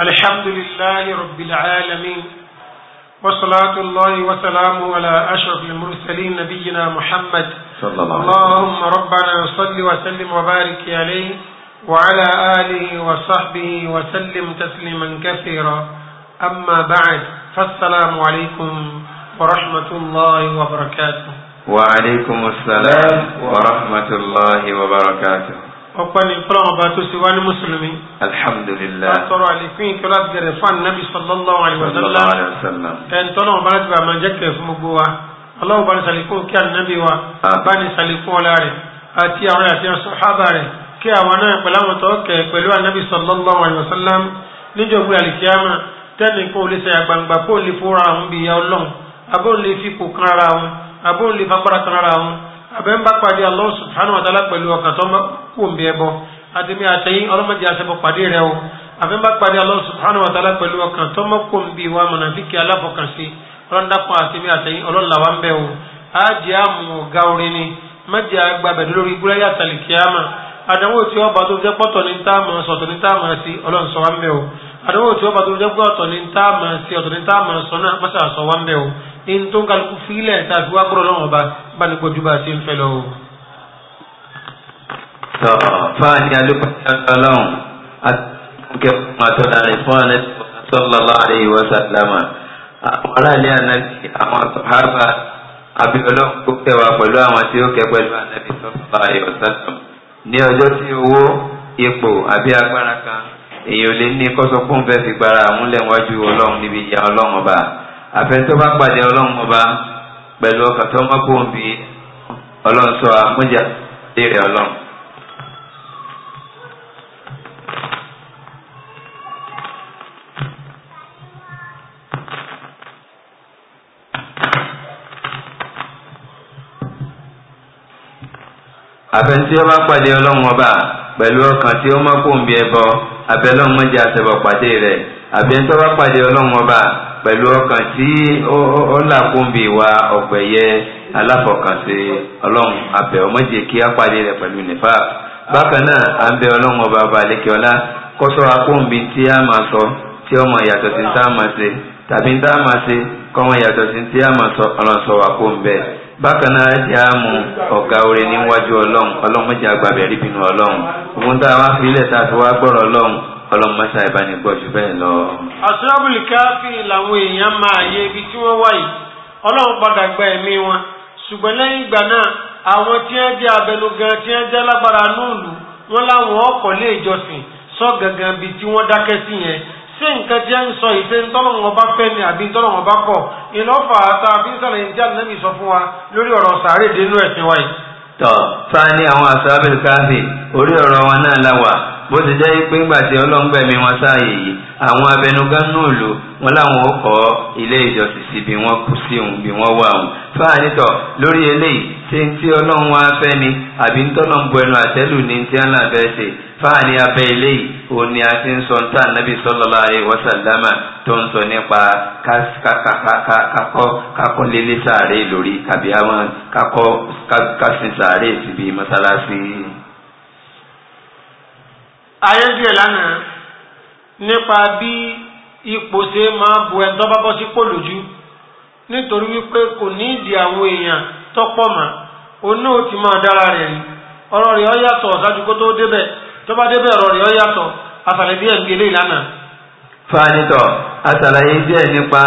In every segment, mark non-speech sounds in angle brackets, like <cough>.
الحمد لله رب العالمين وصلاة الله وسلامه على أشرف المرسلين نبينا محمد صلى الله عليه وسلم اللهم ربنا صل وسلم وبارك عليه وعلى آله وصحبه وسلم تسليما كثيرا أما بعد فالسلام عليكم ورحمة الله وبركاته وعليكم السلام ورحمة الله وبركاته ọpẹ́ ni fọlọ́wọ́n bá tó ṣe wá ní mùsùlùmí. alhamdulilayi. a tọrọ àlékún ìkẹlẹ àtìgẹrẹ fún anabi sallallahu alayhi wa sallam. ẹn tọ́nà ọba láti bá a máa jẹ́ kẹ̀ fún gbogbo wa. ọlọ́wọ́ bá ní sàlékún kí anabi wa. bá ní sàlékún ọlá rẹ̀ àti àwọn àti sàhábà rẹ̀ kí àwọn náà pẹ̀lú àwọn tó kẹ̀ pẹ̀lú anabi sallallahu alayhi wa sallam níjọba alikiyama tẹ́ni kó lè sẹ́yà gbangba kó lè fúnra àwọn bìyà ọlọ́run abó lè fi kò kan ara àwọn abó lè fagbára kan ara àwọn abẹ́ ń bá pàdé Allah subhanahu wa ta'ala pẹ̀lú ọkàn tó kù ń bí ẹbọ àtẹ̀mí àtẹ̀yìn ọlọ́mọdé àṣẹbọ pàdé rẹ o abẹ́ ń bá pàdé Allah subhanahu wa ta'ala pẹ̀lú ọkàn tó kù ń bí wa mọ̀nàfíkì aláfọkànsí ọlọ́dàpọ̀ àtẹ̀mí àtẹ̀yìn ọlọ́làwà ń bẹ̀ o àjẹ́ àmù gàórí ni mẹ́jẹ̀ àgbàbẹ̀ lórí gúráyà tàlìkíyàmà àdánwò tí ọba tó jẹ́ pọ̀tọ̀ ní ní in tó ń kálukú fílẹ̀ tàbí ba kúrò lọ́wọ́ bá bá ní pọ̀jú bá ṣe ń fẹ́ lọ́wọ́. tọ́ fáàní alúpàdánù àtúnkẹ́ màtọ́lá rẹ̀ fún ànẹ́tì sallallahu alaihi wa sallama àwọn aráàlú ànábì àwọn sàhábà abíọ́lọ́ kó kẹwàá pẹ̀lú àwọn tí ó kẹ pẹ̀lú ànábì sallallahu alaihi wa sallam ní ọjọ́ tí owó ipò bi agbára kan èèyàn lè ní kọ́sọ́kún fẹ́ fi gbára àmúlẹ̀ wájú ọlọ́run níbi ìyá ọlọ́run ọba àfẹnusọ bá pàdé ọlọ́run ọba pẹ̀lú ọkàn tó má kó bí ọlọ́run sọ àmújà èrè ọlọ́run. àfẹnusọ bá pàdé ọlọ́run ọba pẹ̀lú ọkàn tí ó má kó bí ẹbọ abẹ́lọ́run mọ́jà àtẹ̀bọ̀ pàdé rẹ̀ àfẹnusọ bá pàdé ọlọ́run ọba pẹ̀lú ọkàn tí ó làkúnbi wa ọ̀pẹ̀yẹ aláfọkànṣe ọlọ́run abẹ ọmọdé kí á pàdé rẹ̀ pẹ̀lú nìfà bákan náà à ń bẹ ọlọ́run ọba ọba àlékeọlá kọ́sọ́ akúnbi tí a máa sọ tí ọmọ ìyàtọ̀ sí tá a máa ṣe tàbí tá a máa ṣe kọ́mọ ìyàtọ̀ sí tí a máa sọ ọlọ́sọ wa kó ń bẹ bákan náà jẹ́ àmú ọ̀gá orin níwájú ọlọ́run ọlọ́mọdé àgbàbẹ̀rí bínú ọlọ́run òun tá a wá fi ilẹ̀ tá a fi wá gbọ́rọ̀ ọlọ́run ọlọ́mọṣá ẹ̀ bá ní gbọ́ ju bẹ́ẹ̀ lọ. àṣọ́bùlì káfí làwọn èèyàn máa yẹ ibi tí wọ́n wà yìí ọlọ́run padà gba ẹ̀mí wọn ṣùgbọ́n lẹ́yìn ìgbà náà àwọn tí wọ́n jẹ́ abẹnugan tí wọ́n jẹ́ lágbára núùlù wọn láwọn ọkọ̀ lé ìjọsìn sọ gangan bíi tí wọ́n dákẹ́ sí yẹn ṣé nǹkan tí wọ́n ń sọ ìfẹ́ ntọ́lọ́wọ́n bá fẹ́ ni àbí ntọ́lọ́wọ́n bá kọ̀ ìlọ́fà wa bó ti jẹ́ pé ńgbà tí ọlọ́ngbẹ̀mí wọn sáàyè yìí àwọn abẹnugánú òlò wọn láwọn ó kọ́ ilé ìjọsìn sí bí wọ́n kú sí òun bí wọ́n wà òun fáànítọ̀ lórí eléyìí tí ń tí ọlọ́run wá fẹ́ ni àbí ń tọ́lọ́ ń bu ẹnu àtẹ́lù ní ti á náà fẹ́ ṣe fáàní abẹ́ eléyìí òun ni a ti ń sọ níta nábì sallallahu alaihi wasallam tó ń sọ nípa kakọ́ lélé lórí tàbí àwọn kakọ́ kásin síbi mọ́sálásí. ayédè lánàá nípa bí ipò ṣe máa bu ẹ̀ńtọ́ bá bọ́ sí pò lójú nítorí wípé kò ní ìdí àwọn èèyàn mà òun náà ti máa dára rẹ̀ rí ọ̀rọ̀ rẹ̀ yàtọ̀ ṣáájú kó tó débẹ̀ tó bá débẹ̀ ọ̀rọ̀ rẹ̀ yàtọ̀ àṣàlẹ̀ bí lè lánàá. fanitọ àṣàlàyé nípa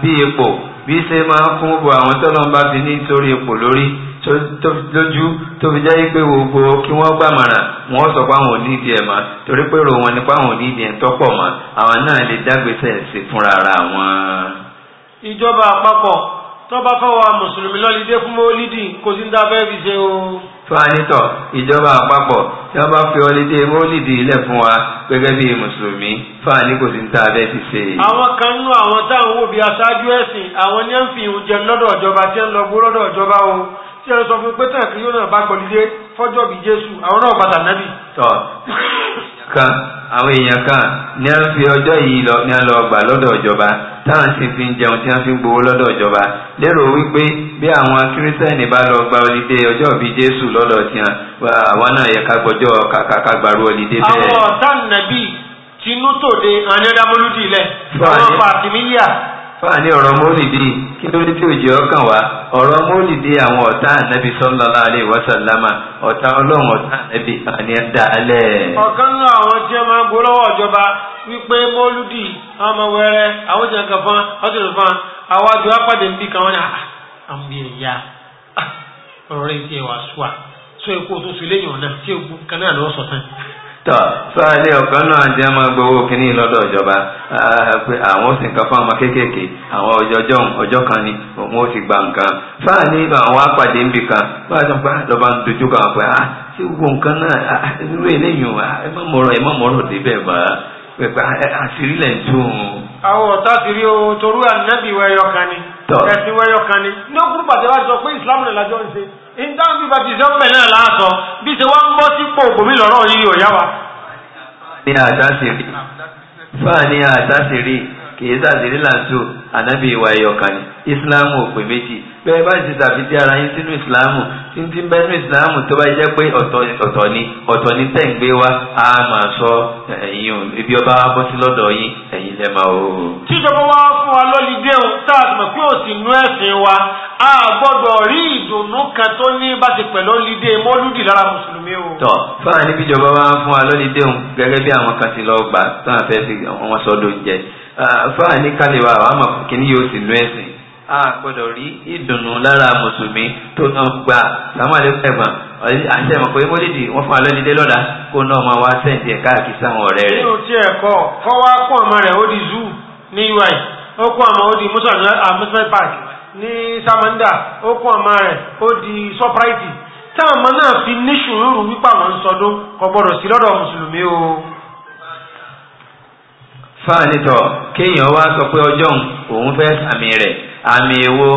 bu àwọn fi nítorí ipò lórí lójú tó fi jẹ́ pé gbogbo kí wọ́n gbàmọ̀ràn wọ́n sọ pé àwọn onídìí ẹ̀ mà torí pé rò wọn ni pé àwọn onídìí ẹ̀ tọ́pọ̀ mà àwọn náà lè dágbèsè sí fúnra ara wọn. ìjọba àpapọ̀ tó bá fọwọ́ mùsùlùmí lọ́lídé fún mọ́lídìí kò sí ń dá fẹ́ẹ́ fi ṣe o. fúnanítọ̀ ìjọba àpapọ̀ tí wọ́n bá fi ọlídé mọ́lídìí ilẹ̀ fún wa gẹ́gẹ́ bí mùsùlùmí fúnani kò sí ń dá fẹ́ẹ́ fi ṣe. àwọn kan nínú àwọn táwọn òbí aṣáájú ẹ̀sìn àwọn ní à ń fi ìhùn jẹ lọ́dọ̀ ìjọba tí ń lọ gbó lọ́dọ̀ ìjọba o tí ẹ sọ fún pé tàn kí yóò náà bá gbọlídé fọ́jọ́ bí jésù àwọn náà padà nẹ́bì. tọ́ kan àwọn èèyàn kan ní a ń fi ọjọ́ yìí lọ ní a lọ gbà lọ́dọ̀ ìjọba táwọn sì fi ń jẹun tí wọ́n fi ń gbowó lọ́dọ̀ ìjọba lérò wípé bí àwọn kírísítẹ́nì bá lọ gba olídé ọjọ́ bí jésù lọ́dọ̀ tiwọn àwọn náà yẹ ká gbọ́jọ́ ká gbàrú olídé bẹ́ẹ̀. àwọn ọ̀tá nàbì tinú tòde àwọn pàtìmíyà fáàní ọ̀rọ̀ mólìdí kí ló ní tí ò jẹ́ ọkàn wá ọ̀rọ̀ àwọn ọ̀tá ọ̀tá ọlọ́run ọ̀tá àní ẹ̀dá alẹ́. ọ̀kan àwọn tí máa ń gbólọ́wọ́ ìjọba wípé ọmọ wẹrẹ àwọn fún fún apàdé ń bí kan ah, wọn ni ah, ọ̀rọ̀ ẹ̀wà tọ fáálé ọkọ náà jẹ máa gbowó kínní lọ́dọ̀ ìjọba pé àwọn ó sì nǹkan fún ọmọ kéékèèké àwọn ọjọjọ ọjọ́ kan ni òun ó sì gba nǹkan fáálé àwọn apàdé níbì kan fáálé sọ pé ah, lọba ń dojú kan ah, gbogbo nǹkan náà ah, irú eléyìí ẹ má mọ̀rọ̀ ẹ má bá pẹpẹ àṣírí lẹ̀ ń tún ìdáhùn bíbá ti sọ mẹ́lẹ̀ náà láàsọ bí ṣe wá ń bọ́ sípò ògbòmí lọ́rọ̀ yìí ò yá wa. ní àdásìrí fáà ní kìí sàdérí làǹtò ànábì ìwà ẹ̀yọ̀kan ni ìsìláàmù ò pé méjì bẹ́ẹ̀ bá ti sàfitì ara yín sínú ìsìláàmù tí ń ti bẹ́ẹ̀ nínú ìsìláàmù tó bá jẹ́ pé ọ̀tọ̀ ni ọ̀tọ̀ ni tẹ̀ ń gbé wá a máa sọ ẹ̀yin ibi ọba wa bọ́ sí lọ́dọ̀ yín ẹ̀yin lẹ́ máa o. tíjọba wa fún wa lọ́lídé o tá a mọ̀ pé ó sì ẹ̀sìn wa a gbọ́dọ̀ rí ìdùnnú kan tó ní bá ti pẹ̀lú lídé mọ́lúdì lára mùsùlùmí o. tọ fáwọn níbi ìjọba wa fún wa lọ́lídé o gẹ́gẹ́ bí àwọn kan ti lọ gbà tán àfẹ́ fi wọn sọ́dọ̀ jẹ fáàní kálíwá àwọn àmọ̀ kìíní yóò sì nú ẹ̀sìn a gbọ́dọ̀ rí ìdùnnú lára mùsùlùmí tó náà gba sàmúlẹ̀ ẹ̀gbọ́n àṣẹ ìmọ̀ pé mọ́lídìí wọ́n fún alọ́lídé lọ́la kó náà máa wá sẹ́ǹdì ẹ̀ káàkiri sáwọn ọ̀rẹ́ rẹ̀. nínú tí ẹ̀kọ́ kọ́ wá kó ọmọ rẹ̀ ó di zoo ní ui ó kó ọmọ ó di amusement park ní samanda ó kó ọmọ rẹ̀ ó di surprise táwọn ọmọ náà fi ní sùúrù sọdún kò gbọ́dọ̀ sí lọ́dọ̀ mùsùlùmí o. fáàní tọ kéèyàn wá sọ pé ọjọ́ òun fẹ́ sàmì rẹ̀ àmì ewo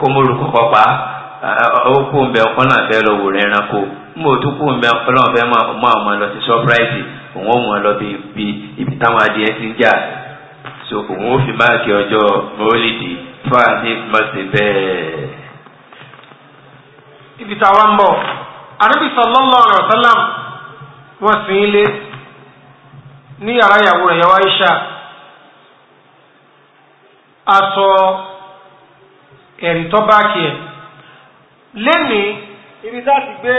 kọmọlùkọ̀kọ̀ pa ó kú ń bẹ ọkọ náà fẹ́ lọ wò rẹ̀ ẹranko mbò tó kú ń bẹ ọkọ náà fẹ́ mọ lọ sí sọpráìsì òun ó mọ lọ bí ibi táwọn adìẹ ti ń jà so òun ó fi máàkì ọjọ́ mọ́lìdì fáàní mọ̀sí bẹ́ẹ̀. ibi táwa ń bọ̀ àrùbí sallallahu alaihi wasallam wọ́n sì ń lé. ní yàrá ìyàwó rẹ̀ yàwó Aisha aṣọ ẹ̀rí tó bá ẹ̀ lẹ́ni ibi tá gbé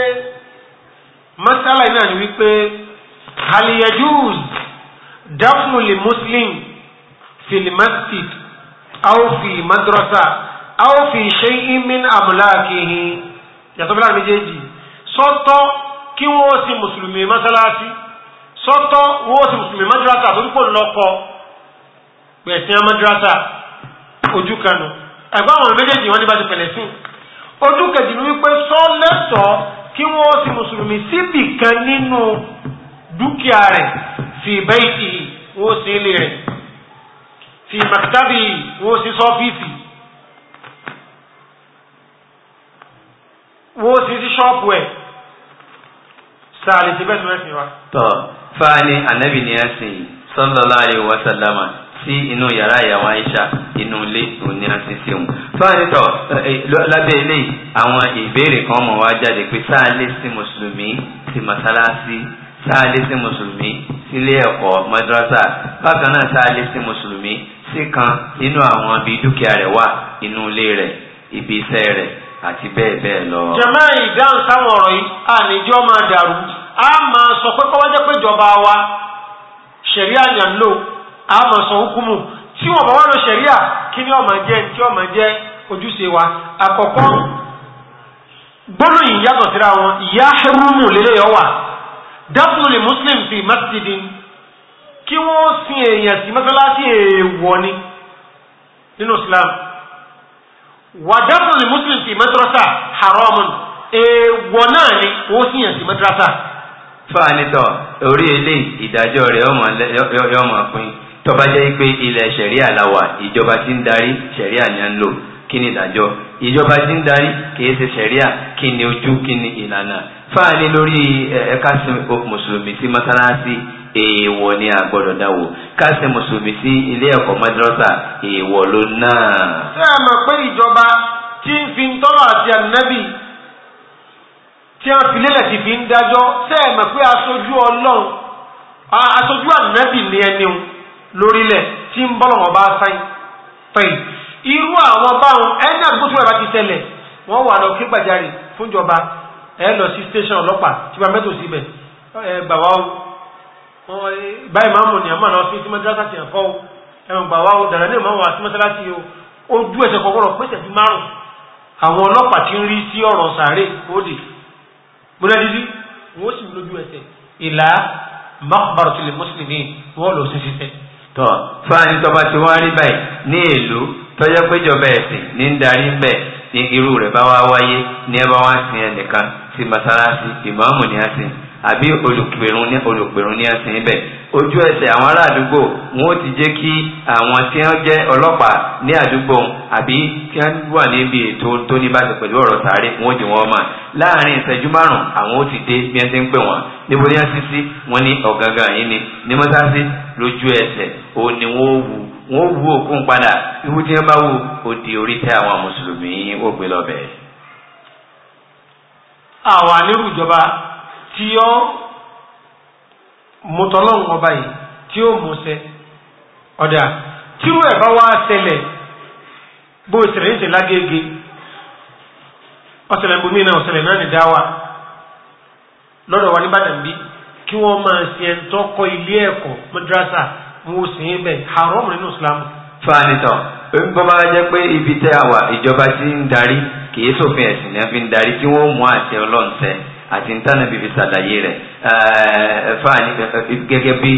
masala náà ni wípé haliyajuz dafnu li muslim filimastik, masjid fi madrasa aw fi shay'in min amlakihi yàtọ̀ bí láti méjèèjì sọ́tọ́ kí wọ́n sì mùsùlùmí masalasi sọ́tọ́ wọ́n sì mùsùlùmí madrasa torípò lọ́kọ́ pẹ̀sìn madrasa ojú kanu ẹ̀gbọ́n àwọn méjèèjì wọ́n ní bá ti Palestine ojú kejì ní wípé sọ́lẹ́tọ̀ kí wọ́n sì mùsùlùmí síbì kan nínú dúkìá rẹ̀ fi bẹ́ẹ̀tì wọ́n sì ilé rẹ̀ fi màkítàbì wọ́n sì sọ́fíìsì wọ́n sì sí ṣọ́ọ̀pù ẹ̀ sáà lè ti bẹ́ẹ̀ tó ẹ̀sìn wa fáàní ànábì ni ẹ sìn yìí sallallahu alaihi wa sallama sí inú yàrá ìyàwó Aisha inú ilé òní àti sèwọn. fáàní tọ lábẹ́ ilé àwọn ìbéèrè kan mọ̀ wá jáde pé sáà lé sí mùsùlùmí sí mọ́sálásí sáà lé sí mùsùlùmí sílé ẹ̀kọ́ madrasa bákan náà sáà lé sí mùsùlùmí sí kan inú àwọn ibi dúkìá rẹ̀ wà inú ilé rẹ̀ ibi iṣẹ́ rẹ̀ àti bẹ́ẹ̀ bẹ́ẹ̀ lọ. jàmáà ìdáhùn sáwọn ọ̀rọ̀ yìí àníjọ́ máa dàrú a máa sọ pé kọ́wá jẹ́ pé ìjọba wa ṣẹ̀ríà ni à ń lò a máa sọ hukumu tí wọ́n bá wà lọ ṣẹ̀ríà kí ni ọmọ jẹ́ tí ọmọ jẹ́ ojúṣe wa àkọ́kọ́ gbọ́dọ̀ yìí yàtọ̀ síra wọn ìyá ṣẹ́rúmù lélẹ́yọ̀ wà dáfúlì muslim fi masjidin kí wọ́n sin èèyàn sí mọ́sálásí èèwọ̀ ni nínú islam wà dáfúlì muslim fi madrasa haramun èèwọ̀ náà ni wọ́n sin èèyàn sí madrasa fáànítọ̀ orí ilé ìdájọ́ rẹ̀ yọmọ pín tó bá jẹ́ pé ilẹ̀ ṣẹ̀ríà làwà ìjọba tí ń darí ṣẹ̀ríà ni a ń lò kí ni ìdájọ́ ìjọba tí ń darí kìí ṣe ṣẹ̀ríà kí ni ojú kí ni ìlànà fáàní lórí ẹ̀ka sin mùsùlùmí sí mọ́sálásí èèwọ̀ ni a gbọ́dọ̀ dáwò ká ṣe mùsùlùmí sí ilé ẹ̀kọ́ mọ́dúrọ́sà èèwọ̀ ló náà. ṣé ẹ pé ìjọba tí ń fi tọ́lọ̀ àti ànábì tí wọ́n fi lélẹ̀ ti fi ń dájọ́ sẹ́ẹ̀mọ̀ pé aṣojú ọlọ́run aṣojú ànábì ní ẹni o lórílẹ̀ tí ń bọ́lọ̀ wọn bá sáyìn tọ́yìn irú àwọn báwọn ẹni àgbóṣù ẹ̀bá ti ṣẹlẹ̀ wọ́n wà lọ kí gbàjarì fúnjọba ẹ lọ sí station ọlọ́pàá tí wọ́n mẹ́tò síbẹ̀ ẹ gbà wá o báyìí máa ń mọ̀ ní àmọ́ àwọn fífi mọ́tàlásà ti ẹ̀fọ́ o ẹ̀wọ̀n gbà wá o dàrẹ́ ní ìmọ̀ àwọn àti sí múnádìdí wọ́n sì lójú ẹsẹ̀ ìlà maqbaratul muslimin wọ́n lọ sí fífẹ́. tọ́ fáàní tọba tí wọ́n rí báyìí ní èlò tọ́jọ́ péjọba ẹ̀sìn ní ń darí ń bẹ̀ ní irú rẹ̀ bá wá wáyé ní ẹ bá wá sin ẹnìkan sí masalasi ìmáàmù ní á àbí olùpèrún ní olùpèrún ní ẹsìn ibẹ̀ ojú ẹsẹ̀ àwọn ará àdúgbò wọn ó ti jẹ́ kí àwọn tí wọ́n jẹ́ ọlọ́pàá ní àdúgbò àbí kí wọ́n wà níbi ètò tó ní bá ṣe pẹ̀lú ọ̀rọ̀ sáré wọn ó dì wọ́n mọ̀ láàrin ìṣẹ́jú márùn-ún àwọn ó ti dé bí wọ́n ti ń pè wọ́n níbo ní wọ́n sí wọ́n ní ọ̀gangan yìí ni ní mọ́sáàsì lójú ẹsẹ̀ ó ní wọ́n wù wọ́n wù òkun padà ihu tí wọ́n bá wù ó tí ó mọ̀tọ́lọ́hùn ọba yìí tí ó mọ̀ọ́sẹ̀ ọ̀dà tírú ẹ̀ bá wá ṣẹlẹ̀ bó ìṣẹ̀lẹ̀ ìṣẹ̀ lágége ọ̀sẹ̀lẹ̀ gbòmí ọ̀sẹ̀lẹ̀ náà ní dáwà lọ́dọ̀ wa níbàdàn bí kí wọ́n máa ṣe ẹ̀ ń tọ́kọ ilé ẹ̀kọ́ mọ́dúrásà mo sì ń bẹ̀ haram nínú Islam. fanitọ bó bá jẹ́ pé ibi tẹ́ àwa ìjọba ti ń darí kì í ṣòfin ẹ̀sìn ni a fi ń darí kí wọ́n mú àṣẹ Ọlọ́run àti ntànà bíbí sàlàyé rẹ̀ fáàní gẹ́gẹ́ bí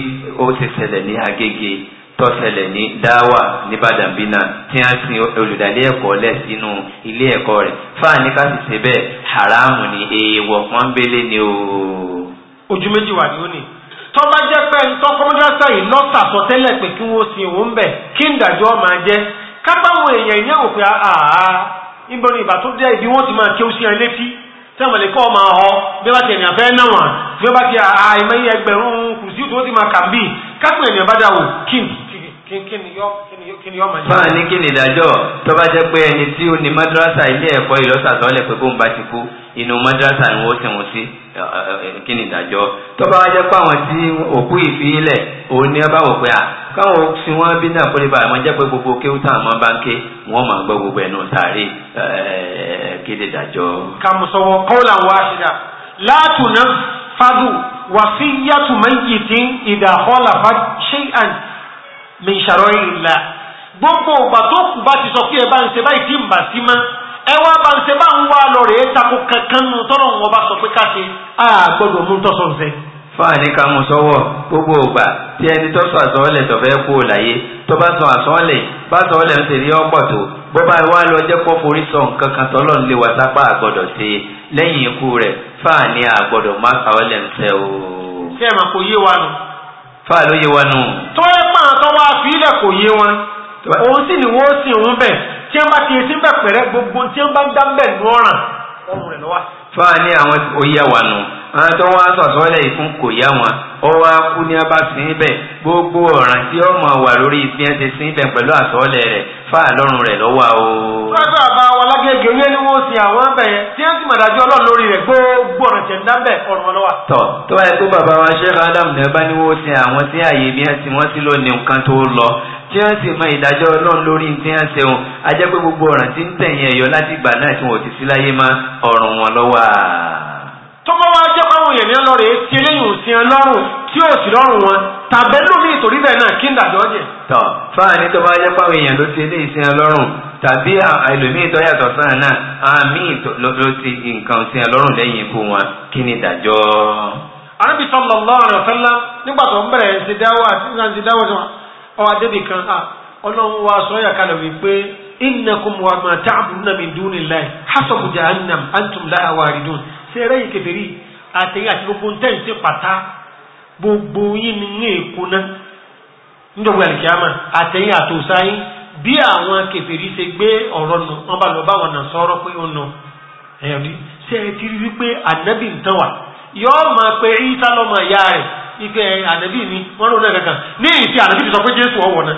ó ti ṣẹlẹ̀ ní Agége tó ṣẹlẹ̀ ní dáwà nìbàdàn bí náà tí a sin olùdarí ẹ̀kọ́ lẹ̀ sínú ilé ẹ̀kọ́ rẹ̀ fáàní ká sì ṣe bẹ́ẹ̀ haramu ni èèwọ̀ pọ́nbélé ni o. ojú méjì wà ní ó ní tó bá jẹ́ pé ń tọ́kọ́ mọ́dúrásá yìí lọ́sàtọ̀ tẹ́lẹ̀ pé kí wọ́n sin òun bẹ̀ kí ń dàjọ́ máa jẹ́ ká báwọn èèyàn ìyẹn pé àá ìbọn ìbà tó dé ibi wọ́n ti máa kéwú sí ẹ létí tẹ́mọ̀lẹ́ kọ́ ma ọ bí ó bá ti ènìyàn fẹ́ náwọn bí ó bá ti àìmọ́ iye ẹgbẹ̀rún kù sí òtún ó ti ma kà bí kápẹ́ ènìyàn bá dáwò kí ni yọ́ ma jẹ́. báwa ní kí ni ìdájọ́ tó bá jẹ́ pé ẹni tí ó ní madrasa ilé ẹ̀kọ́ ìlọ́sàtọ́lẹ̀ pé kó ń bá ti kú inú madrasa ni wọ́n sìn wọ́n sí kí ni ìdájọ́ tó bá jẹ́ pé àwọn tí òkú ìfilẹ̀ òun ni ọba wò pé à káwọn sí wọn bí náà kólé báyìí wọ́n jẹ́ pé gbogbo kéwù táwọn máa bá ń ké wọ́n máa gbọ́ gbogbo ẹnu sáré kéde ìdájọ́. kàmùsọ̀wọ̀ kọ́là wá ṣíra látùnà fádù wàsíyàtù mẹ́yìdín ìdàkọ́là bá ṣe àn mí ṣàrọ̀ ìlà gbogbo ìgbà tó kù bá ti sọ ẹ wá bá ń ṣe bá ń wá lọ rèé tako kankan nù tọ́rọ̀ wọn bá sọ pé ká ṣe á gbọ́dọ̀ mú tọ́sọ̀ ń fẹ́. fáàní ká mú sọ́wọ́ gbogbo ògbà tí ẹni tó sọ àsọ́ọ́lẹ̀ tọ̀fẹ́ kú láyé tó bá sọ àsọ́ọ́lẹ̀ bá sọ́ọ́lẹ̀ ń tèrí ọ̀pọ̀ tó bó bá wá lọ jẹ́ pọ́ forí sọ nǹkan kan tọ́lọ́ ń lé wa sápá àgbọ̀dọ̀ ṣe lẹ́yìn ikú rẹ̀ fáàní àgbọ̀dọ̀ má sọ́ọ́lẹ̀ ń tẹ o. ṣé ẹ̀ mà kò yé wa nù. fáà ló yé wa nù. tó ẹ pààtàn wá fi ni wọ́n sì tí wọ́n bá ti yẹ sí pẹ̀pẹ̀rẹ́ gbogbo tí wọ́n bá ń dá mbẹ̀ ní ọ̀ràn ọ̀rùn rẹ̀ lọ́wọ́. fáàní àwọn oyè wà nù àwọn tó wá sọ̀sọ́lẹ̀ ìfún kò yá wọn ó wá kú ní abá síbẹ̀ gbogbo ọ̀ràn tí ó mọ̀ wà lórí bí wọ́n ti síbẹ̀ pẹ̀lú àsọ̀lẹ̀ rẹ̀ fáà lọ́rùn rẹ̀ lọ́wọ́ o. tọ́jú àbá wọn lágége ni wọ́n bàbá wa ṣẹ́ka Adam ní ọba ni wọ́n sin àwọn tí àyè bí wọ́n ti wọ́n sí tó lọ tí wọ́n sì mọ ìdájọ́ ọlọ́run lórí tí wọ́n ṣe wọn a jẹ́ pé gbogbo ọ̀ràn tí ń tẹ̀yìn ẹ̀yọ láti ìgbà náà tí wọ́n ti sí láyé máa ọ̀rùn wọn lọ́wọ́ à. tó bá wá jẹ́ páwọn èèyàn lọ rèé tí eléyìí ò sí ẹ lọ́rùn tí ò sí lọ́rùn wọn tàbẹ́ lómi ìtòrí bẹ́ẹ̀ náà kí ń dàjọ́ jẹ. tọ́ fáàní tó bá jẹ́ páwọn èèyàn ló ti eléyìí sí ẹ lọ́rùn tàbí ẹlòmíì tó yàtọ̀ sáà náà àmì ló ti nǹkan sí ẹ lọ́rùn lẹ́yìn ikú wọn kí ni ìdájọ́. àrùbí sọ́mọ̀lọ́ àrùn ọ̀fẹ́ ńlá nígbà tó ń bẹ̀rẹ̀ ṣe dáwọ́ àti ṣe dáwọ́ ọwọ́ adébì kan a ah, ọlọ́run wa sọ yà kalẹ̀ wípé innakum wa ma ta'buduna min na hasabu jahannam antum laha waridun ṣe yìí kẹfẹ́rì àtẹ̀yìn àti gbogbo ntẹ́ǹtì pàtá gbogbo yín ni ní èkó náà níjọba àtẹ̀yìn àtòsáyìn bí àwọn kẹfẹ́rì ṣe gbé ọ̀rọ̀ nù wọn bá lọ bá wọn sọ̀rọ̀ pé ó ti rí wípé ànábì ń tán wà yọ́ọ́ máa pe ìyá rẹ̀ ike ànàbí ni wọ́n lò náà kankan ní èyí tí ànàbí ti sọ pé jésù ọwọ́ náà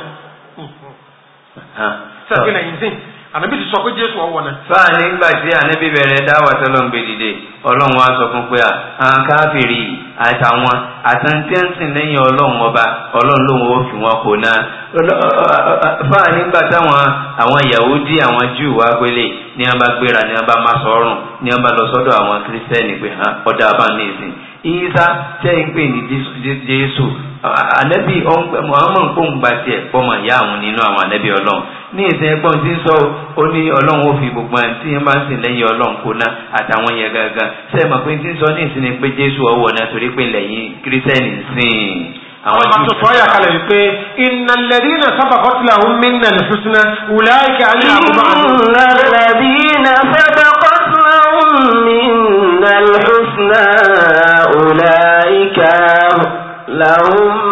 sẹ́kì náà yìí sìn ànàbí ti sọ pé jésù ọwọ́ náà. fáà nígbà tí ànàbí bẹ̀rẹ̀ dáwà tọ́lọ́n gbé dìde ọlọ́run wa sọ fún pé à ń káfìrí àtàwọn àtàntẹ́ǹsìn lẹ́yìn ọlọ́run ọba ọlọ́run lòun ó fi wọn kò náà fáà nígbà táwọn àwọn yahudi àwọn júù wá gbélé ní wọn bá gbéra ní wọn bá má sọ ọrùn ní wọn bá lọ sọ́dọ̀ àwọn kírísítẹ́nì pé ọdọ abá ní ìsìn isa tẹ́ ń pè ní jésù ànábì muhammed kò ń gba tiẹ̀ fọmọ ìyá àwọn nínú àwọn ànábì ọlọ́run ní ìsìn ẹgbọ́n tí ń sọ ó ní ọlọ́run ó fi gbogbo ẹ̀ tí ń bá ń sìn lẹ́yìn ọlọ́run kó ná àtàwọn yẹn gangan ṣe é mọ̀ pé tí ń sọ ní ìsìn ni pé jésù ọwọ́ náà torí pé lẹ́yìn kírísítẹ́nì sìn àwọn tó tó ayà kalẹ̀ wípé iná lẹ́dínà sábà kọ́tìlà ń mí nà lùsùsùnà wùláìkà alẹ́ àkùbá àdó. iná lẹ́dínà الحسنى أولئك لهم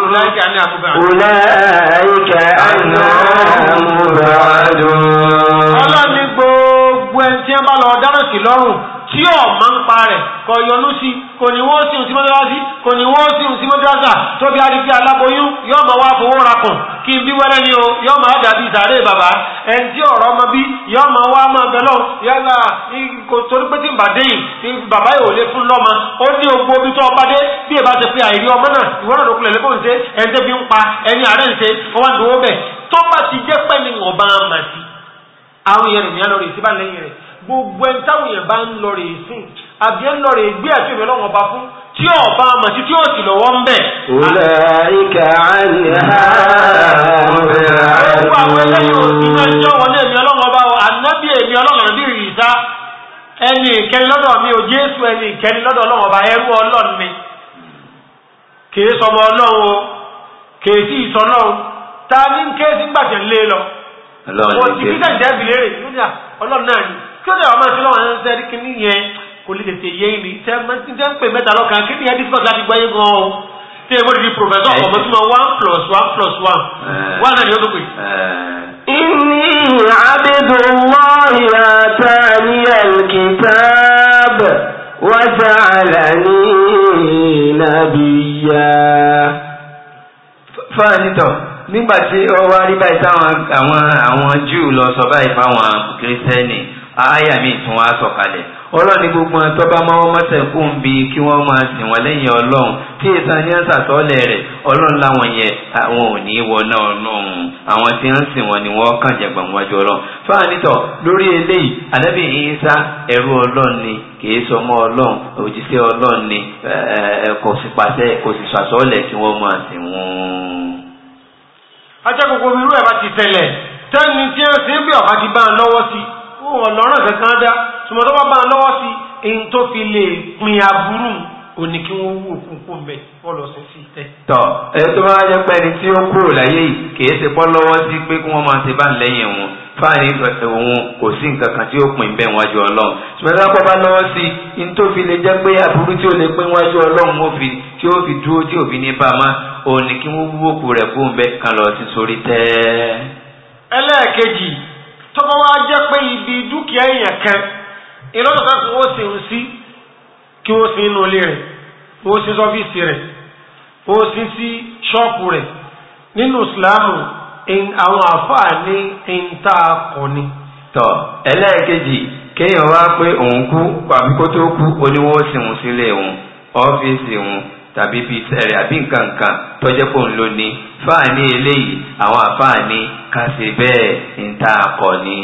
أولئك أنها مبعدون ọlọ́ni gbogbo ẹ̀ tí ẹ bá lọ dáná sí lọ́rùn tí ọ̀ máa ń pa rẹ̀ kọ yọnú sí kò ní wọ́n sí òsì mọ́dúrásì kò ní wọ́n sí òsì mọ́dúrásà tó bí adìgbé aláboyún yọ́ máa wá fowó ra kùn kí n bí wẹ́rẹ́ ni o yọ́ máa dàbí ìsàrè bàbá ẹni tí ọ̀rọ̀ ọmọ bí yọ́ máa wá máa bẹ̀ lọ yálà kò torí pé tí n bà dé yìí bàbá yóò lé fún lọ́mọ ó ní ogun omi tó ọba dé bí ìbá ti pe àìrí ọmọ náà ìwọ náà ló kulẹ̀ lẹ́kọ̀ọ́ ni ọba àmàtì gbogbo ẹni táwọn èèyàn bá ń lọ rè sìn àbí ń lọ rè gbé àti ìbẹ̀ lọ́wọ́ ọba fún tí ọba àmọ̀ sí tí ó sì lọ́wọ́ ń bẹ̀. ọ̀làríkà àníhà ẹni ìkẹni lọ́dọ̀ mi ò jésù ẹni ìkẹni lọ́dọ̀ ọlọ́run ọba ẹrú ọlọ́run ni kìí sọmọ ọlọ́run o kìí sí ìsọlọ́run ta ní kéésì gbàtẹ̀ lé lọ. ọlọ́run ní kéésì. òtítí kí ó dẹ̀ wà máa ṣe lọ́wọ́ ẹ̀ńsẹ́ rí kí nìyẹn kò lè tètè yé mi tẹ́ ń pè mẹ́ta lọ́kàn kí nìyẹn difficult láti gbọ́ yé gan o tí èwo di professor ọmọ tí mo one plus one plus one one náà ni ó tó pè. inni abdullahi atani alkitab wa ja'alani nabiyya. fáàní tán nígbàtí ó wá rí báyìí táwọn àwọn àwọn lọ sọ báyìí fáwọn kìrìsìtẹ́nì aya mi tún wá sọ̀kalẹ̀ ọlọ́run ní gbogbo wọn tó bá máa wọ́n mọ́tẹ̀ kú bi kí wọ́n máa sìn wọ́n lẹ́yìn ọlọ́run tí ìta ní àṣàtọ́lẹ̀ rẹ̀ ọlọ́run láwọn yẹn àwọn ò ní wọ náà ọlọ́run àwọn tí ń sìn wọ́n ni wọ́n kàn jẹ́ gbàmúwájú ọlọ́run fáànítọ̀ lórí eléyìí ànábì Ìsá ẹrú ọlọ́run ni kìí sọ ọmọ ọlọ́run òjíṣẹ́ ọlọ́run ni kò sì pàṣẹ kò sì ṣàṣọ́lẹ̀ kí wọ́n máa sìn wọ́n. ajá gbogbo irú ẹ̀ bá ti tẹ̀lẹ̀ tẹ́ni tí ó ti ń bí ọ̀bá ti bá a lọ́wọ́ ọlọ́ràn kankan dá ṣùgbọ́n tó bá bá lọ́wọ́ sí èyí tó fi lè pin aburú ò kí wọ́n wú òkú kó mbẹ sí sí tẹ. tọ ẹ tó máa jẹ pé tí ó kúrò láyé yìí kìí ṣe bọ́ lọ́wọ́ sí pé kí wọ́n máa ṣe bá lẹ́yìn wọn fáàní òun kò sí nǹkan kan tí ó pin bẹ́ẹ̀ wájú ọlọ́run ṣùgbọ́n tó bá lọ́wọ́ sí i tó fi lè jẹ́ pé aburú tí ó lè pín wájú ọlọ́run ó fi tí ó fi dúró tí tọ́bọ̀ wá jẹ́ pé ibi dúkìá èèyàn kan ìlọ́tọ̀ká kí wọ́n sì ń sí kí wọ́n sì inú ilé rẹ̀ wọ́n sì sọ́fíìsì rẹ̀ wọ́n sì sí ṣọ́ọ̀pù rẹ̀ nínú ìsìláàmù àwọn àfáà ní ìta ni. tọ ẹlẹ́ẹ̀kejì kéèyàn wá pé òun kú àbí kó tó kú oníwọ́sìn sílé òun ọ́fíìsì òun tàbí bíi sẹ́rẹ̀ àbí nǹkan kan tọ́jẹ́ pò ń lò ní fáàní eléyìí àwọn àfáàní ká ṣe bẹ́ẹ̀ ń ta akọ ni.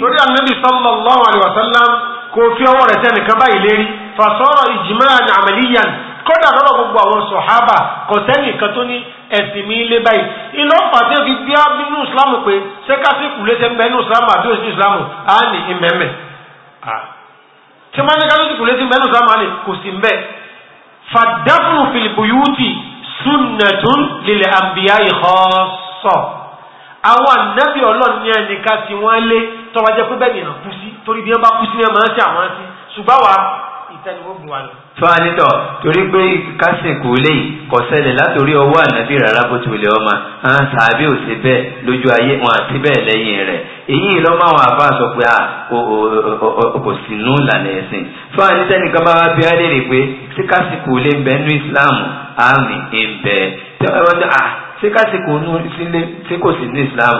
torí anabi sallallahu alayhi wa sallam kò fi ọwọ́ rẹ̀ sẹ́nìkan báyìí lérí fàṣọ́rọ̀ ijma'an amaliyan kódà lọ́rọ̀ gbogbo àwọn sọ̀hábà kò sẹ́yìn kan tó ní ẹ̀sìn mi lé báyìí iná pàṣẹ fi bí nínú ìsìlámù pé ṣé kásìkù lẹ́sẹ̀ ń bẹ ìsìlámù àbí òsì ìsìlámù á ní ìmẹ̀mẹ̀ tí wọ́n ní kásìkù lẹ́sẹ̀ ń bẹ ìsìlámù á ní kò sí ń fàdáfù filibuyuti sunnatun lil anbiya'i khassa àwọn ànábì ọlọ́run ní ẹnìkan tí wọ́n lé tọ́wọ́ jẹ́ pé bẹ́ẹ̀ ni à ń kú sí torí bí wọ́n bá kú sí ẹ̀ máa ń wa fún anítọ̀ torí pé kásìnkù lè kò ṣẹlẹ̀ látòrí ọwọ́ ànábì rárá bó ti wùlẹ̀ ọmọ àwọn sàábì ò sí bẹ́ẹ̀ lójú ayé wọn àti bẹ́ẹ̀ lẹ́yìn rẹ̀ èyí lọ́mọ àwọn àbá sọ pé kò sí nú ìlànà ẹ̀sìn fún anítẹ́nìkan bá wá bí á lè rè pé sí kásìnkù lè ń nú ìsìláàmù àmì ń bẹ tẹ́wọ́n ṣé kásìkò nú sílé tí kò sí ní islam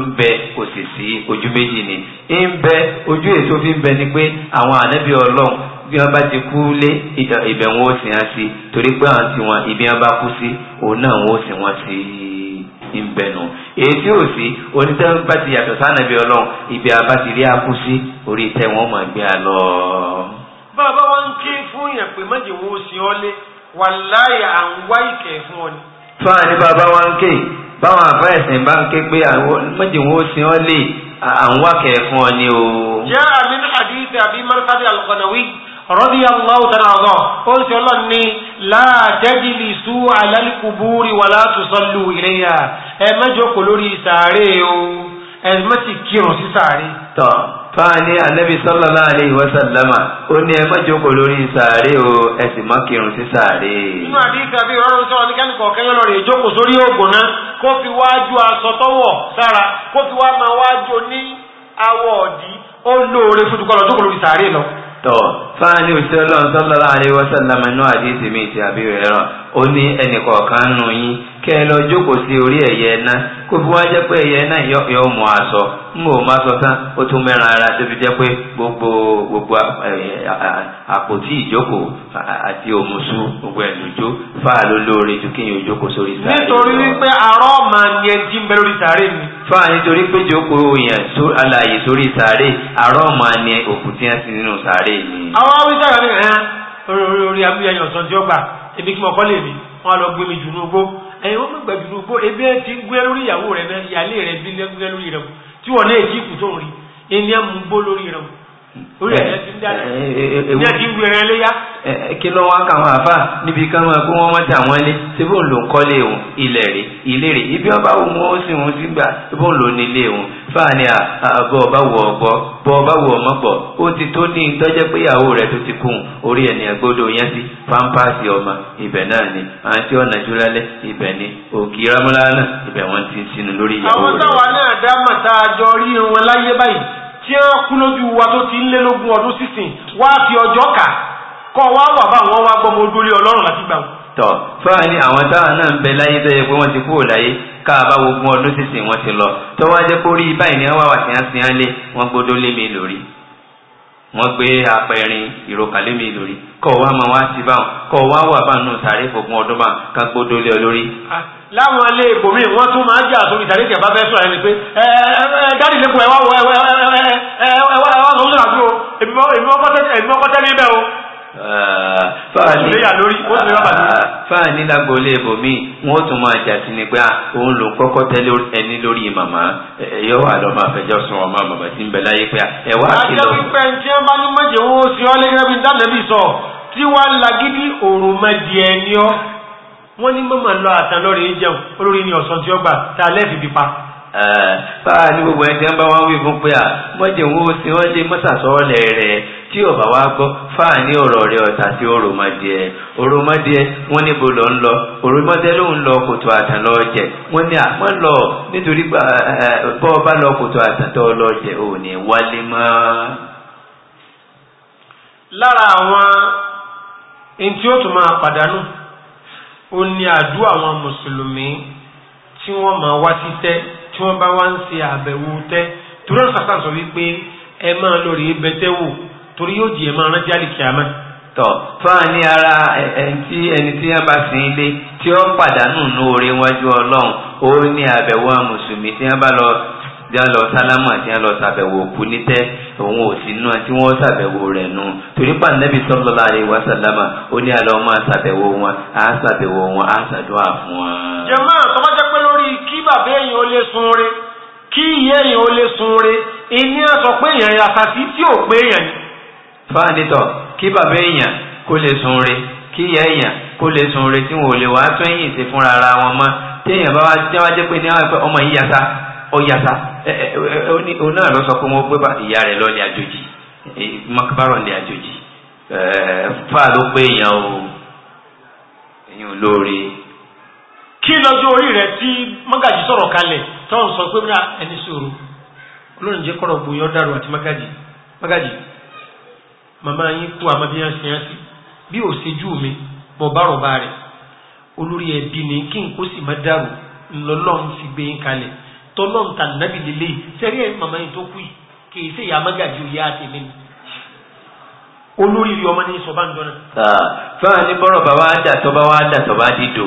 ń bẹ kò sì sí ojú méjì ni ń bẹ ojú èso fi ń bẹ ni pé àwọn ànábì ọlọ́run bí wọ́n bá ti kú lé ibẹ̀ wọn ó sìn á sí torí pé àwọn tiwọn ibi wọn bá kú sí òun náà wọn ó sìn wọn sí ìbẹ̀nù èyí tí ò sí onítẹ̀wọ́n bá ti yàtọ̀ sánàbí ọlọ́run ibi àbá ti rí akú sí orí tẹ̀ wọ́n mọ̀ gbé a lọ. bàbá wọn ń ké fún yàn pé méje wo sí ọ lé wàláyà à ń wá ìkẹ́ fún ọ ni. fáàní bàbá wọn ń ké báwọn àbá bá ń ké pé méje wo sí ọ lé à ń wá kẹ́ fún ọ ni o. jẹ́ àmì hadith àbí markaz al-Qanawi radiyallahu ta'ala anhu ó ń sọ ọlọ́run ní la tajlisu ala al-quburi wala tusallu ilayha ẹ má jókòó lórí sàárè o ẹ má sì kírun sí sàárè. tọ́ fáàní anabi sallallahu alayhi wa sallama ó ní ẹ má jókòó lórí sàárè o ẹ sì má kírun sí sàárè. nínú àdìsí àbí ìrọ̀rùn sọ̀rọ̀ ní kẹ́nìkọ̀ kẹ́yọ́ lọ rèé jókòó sórí òògùn náà kó fi wájú aṣọ tọ́wọ̀ sára kó fi wá máa wájú ní awọ ọ̀dí ó lóore fún dukọ́ lọ jókòó lórí sàárè lọ. tọ́ fáàní òṣìṣẹ́ ọlọ́run sallallahu alaihi wasallam inú àdìsí mi ti àbí ìrẹ́ràn ó ní ẹnìkọ̀ọ̀kan nù yín kẹ́ ẹ lọ jókòó sí orí ẹ̀yẹ ẹ̀ná kó wá jẹ́ pé ẹ̀yẹ náà yọ mọ aṣọ ń sọ tán ara tó fi gbogbo gbogbo àpótí ìjókòó àti gbogbo fáà ló lóore ju kí n yóò jókòó sórí sáré. nítorí wípé àárọ̀ máa ń yẹ jí lórí sáré mi. fáà nítorí pé jókòó yẹn sórí àwọn awí sára ní ẹ̀hán orí orí orí abúyẹyàn ọ̀sán tí ó gbà ebi kí mo kọ́ lè mi wọ́n lọ gbé mi jù ní ogbó ẹ̀yin wọ́n gbẹ̀gbẹ̀ jù ní ogbó ebi ẹ ti ń gbé lórí ìyàwó rẹ̀ náà ìyàlé rẹ̀ bí gbé lórí rẹ̀ tí wọ́n náà jí kù tó rí ẹni ẹ̀ mú gbó lórí rẹ̀ orí ẹ̀ ti ń dáná ẹ̀ eh, eh, eh, kí ló wá káwọn àfà níbi ká máa kó wọn mọ́tà wọn lé ṣé bóun ló ń kọ́lé òun ilẹ̀ rẹ̀ ibi ọba òun ó sì òun sí gbà bóun ló nílé òun fáàní àgọ́ ọba wọ ọ̀gbọ́ bọ́ ọba wọ ọmọgbọ̀ ó ti tó ní tọ́jẹ́ pé ìyàwó rẹ̀ tó ti kún orí ẹni ẹgbọ́dọ̀ yẹn sí pampasi ọmọ ibẹ̀ náà ni àti ọ̀nà jùlọlẹ̀ ibẹ̀ ni òkè rámúlá ibẹ̀ wọn ti sinú lórí ìyàwó àwọn táwa náà dá màtá àjọ rí wọn láyé báyìí tí wọn kú lójú wa tó ti lé lógún ọdún sísìn wá káàbá ogun ọdún sísìn wọn ti lọ tọ́wọ́ ajẹ́ kó rí báyìí ní wọ́n wà wà sí àsìn án lé wọ́n gbódó lé mi lórí wọ́n gbé apẹ̀rin ìròkà lé mi lórí kọ́ wa máa wá sí báwọn kọ́ wa wà bá nù sáré fògùn ọdún bá ká gbódó lé ọ lórí. láwọn ilé ìbòmí wọ́n tún máa ń jà sórí ìtàrí ìkẹ̀bá fẹ́ sọ̀rọ̀ ẹni pé ẹ ẹ dáàdì lẹ́kọ̀ọ́ ẹ wá wọ ẹ wá lọ́wọ́ sọ̀rọ̀ àdúró èmi mọ́ kọ́tẹ́ ní ibẹ̀ o Eh, fáàní eh, lágboolé ibòmí wọn ó tún máa jà sí ni pé ah, òun ló kọ́kọ́ tẹ́lẹ̀ ẹni lórí màmá ẹ̀yọ́ wà lọ́ máa fẹjọ́ sun ọmọ màmá tí ń bẹ láyé pé ah, ẹ̀wá kìlọ̀. àjọ pípẹ́ tí wọ́n bá ní méje wọn ó sì ọ́ lẹ́gẹ́rẹ́ bí dábẹ́bí sọ tí wọ́n ń lagídí òrùn mẹ́jì ẹni ọ́ wọ́n ní mọ́mọ́ lọ àtàlọ́rin jẹun olórí ni ọ̀sán tí ó gbà tá a lẹ́ẹ̀fì pa. faa ni gbogbo ẹgbẹ́ ń bá wọn wí fún pé à mọ́jẹ̀ wọn ó sin wọ́n lé mọ́sàsọ́ọ̀lẹ̀ rẹ̀ tí ọ̀bà wa gbọ́ fáà ní ọ̀rọ̀ rẹ̀ ọ̀tà sí wọn níbo lọ lọ ló ń lọ kòtò àtàn lọ jẹ wọn ni àmọ́ lọ nítorí bọ́ lọ kòtò àtàn tó lọ jẹ ò ní wálé mọ́. lára àwọn ẹni tí ó tún pàdánù ó àwọn mùsùlùmí tí wọ́n máa wá sí tí wọ́n bá wá ń ṣe àbẹ̀wò tẹ́ torí ọ̀rọ̀ sàkà sọ wípé ẹ máa lọ rèé bẹtẹ́ wò torí yóò jì ẹ máa rántí àlìkí àmọ́. tọ fáà ní ara ẹni ẹni tí wọn bá sin ilé tí ó pàdánù ní oore wájú Ọlọ́run ó ní àbẹ̀wò àwọn mùsùlùmí tí wọn bá lọ tí wọn lọ sálámà tí wọn lọ sàbẹ̀wò òkú nítẹ òun ò sí náà tí wọn sàbẹ̀wò rẹ nù torí pàǹdẹ́bí sọ́lọ́lá rẹ wá sálámà ó ní àlọ́ máa sàbẹ̀wò wọn á sàbẹ̀wò wọn á ṣàdúrà fún wọn. jẹ́ máa tọ́wọ́ bàbá èèyàn ó lè sun re kí ìyá èèyàn ó lè sun re ìní sọ pé èèyàn àtàtì tí ò pé èèyàn ni. fáńdítọ̀ kí bàbá èèyàn kó lè sun re kí ìyá èèyàn kó lè sun re tí wọn ò lè wá tún ẹ̀yìn ṣe fúnra ara wọn mọ́ tí èèyàn bá wá jẹ́ pé ní àwọn ọmọ yìí yàtá ó yàtá òun náà lọ sọ pé wọ́n gbé ìyá rẹ̀ lọ àjòjì mọ́kàbárọ̀ ní àjòjì fáà ló pé èèyàn o èèyàn olóore kí lọ́jọ́ orí rẹ̀ tí mọ́gàjì sọ̀rọ̀ kalẹ̀ tó sọ pé múra ẹni sòrò olórin jẹ́ kọ́rọ̀ gbòyàn ọ̀dàrú àti mọ́gàjì mọ́gàjì màmá kú àmọ́ bí wọ́n bí ò ṣe jú mi mọ̀ bá bá rẹ̀ olórí ẹbí ni kí n kó sì má dàrú ńlọ́lọ́run fi gbé yín kalẹ̀ tọ́lọ́run tà nábì lélẹ̀ sẹ́rí ẹ̀ màmá yín tó kú yìí kì í ṣe ìyá mọ́gàjì òye àtẹ̀mí ni olórí ọmọ ní sọ bá ń dọ́nà. Ah, fáwọn ní bọ́rọ̀ bá wá dà tó bá wá dà tó bá dìdò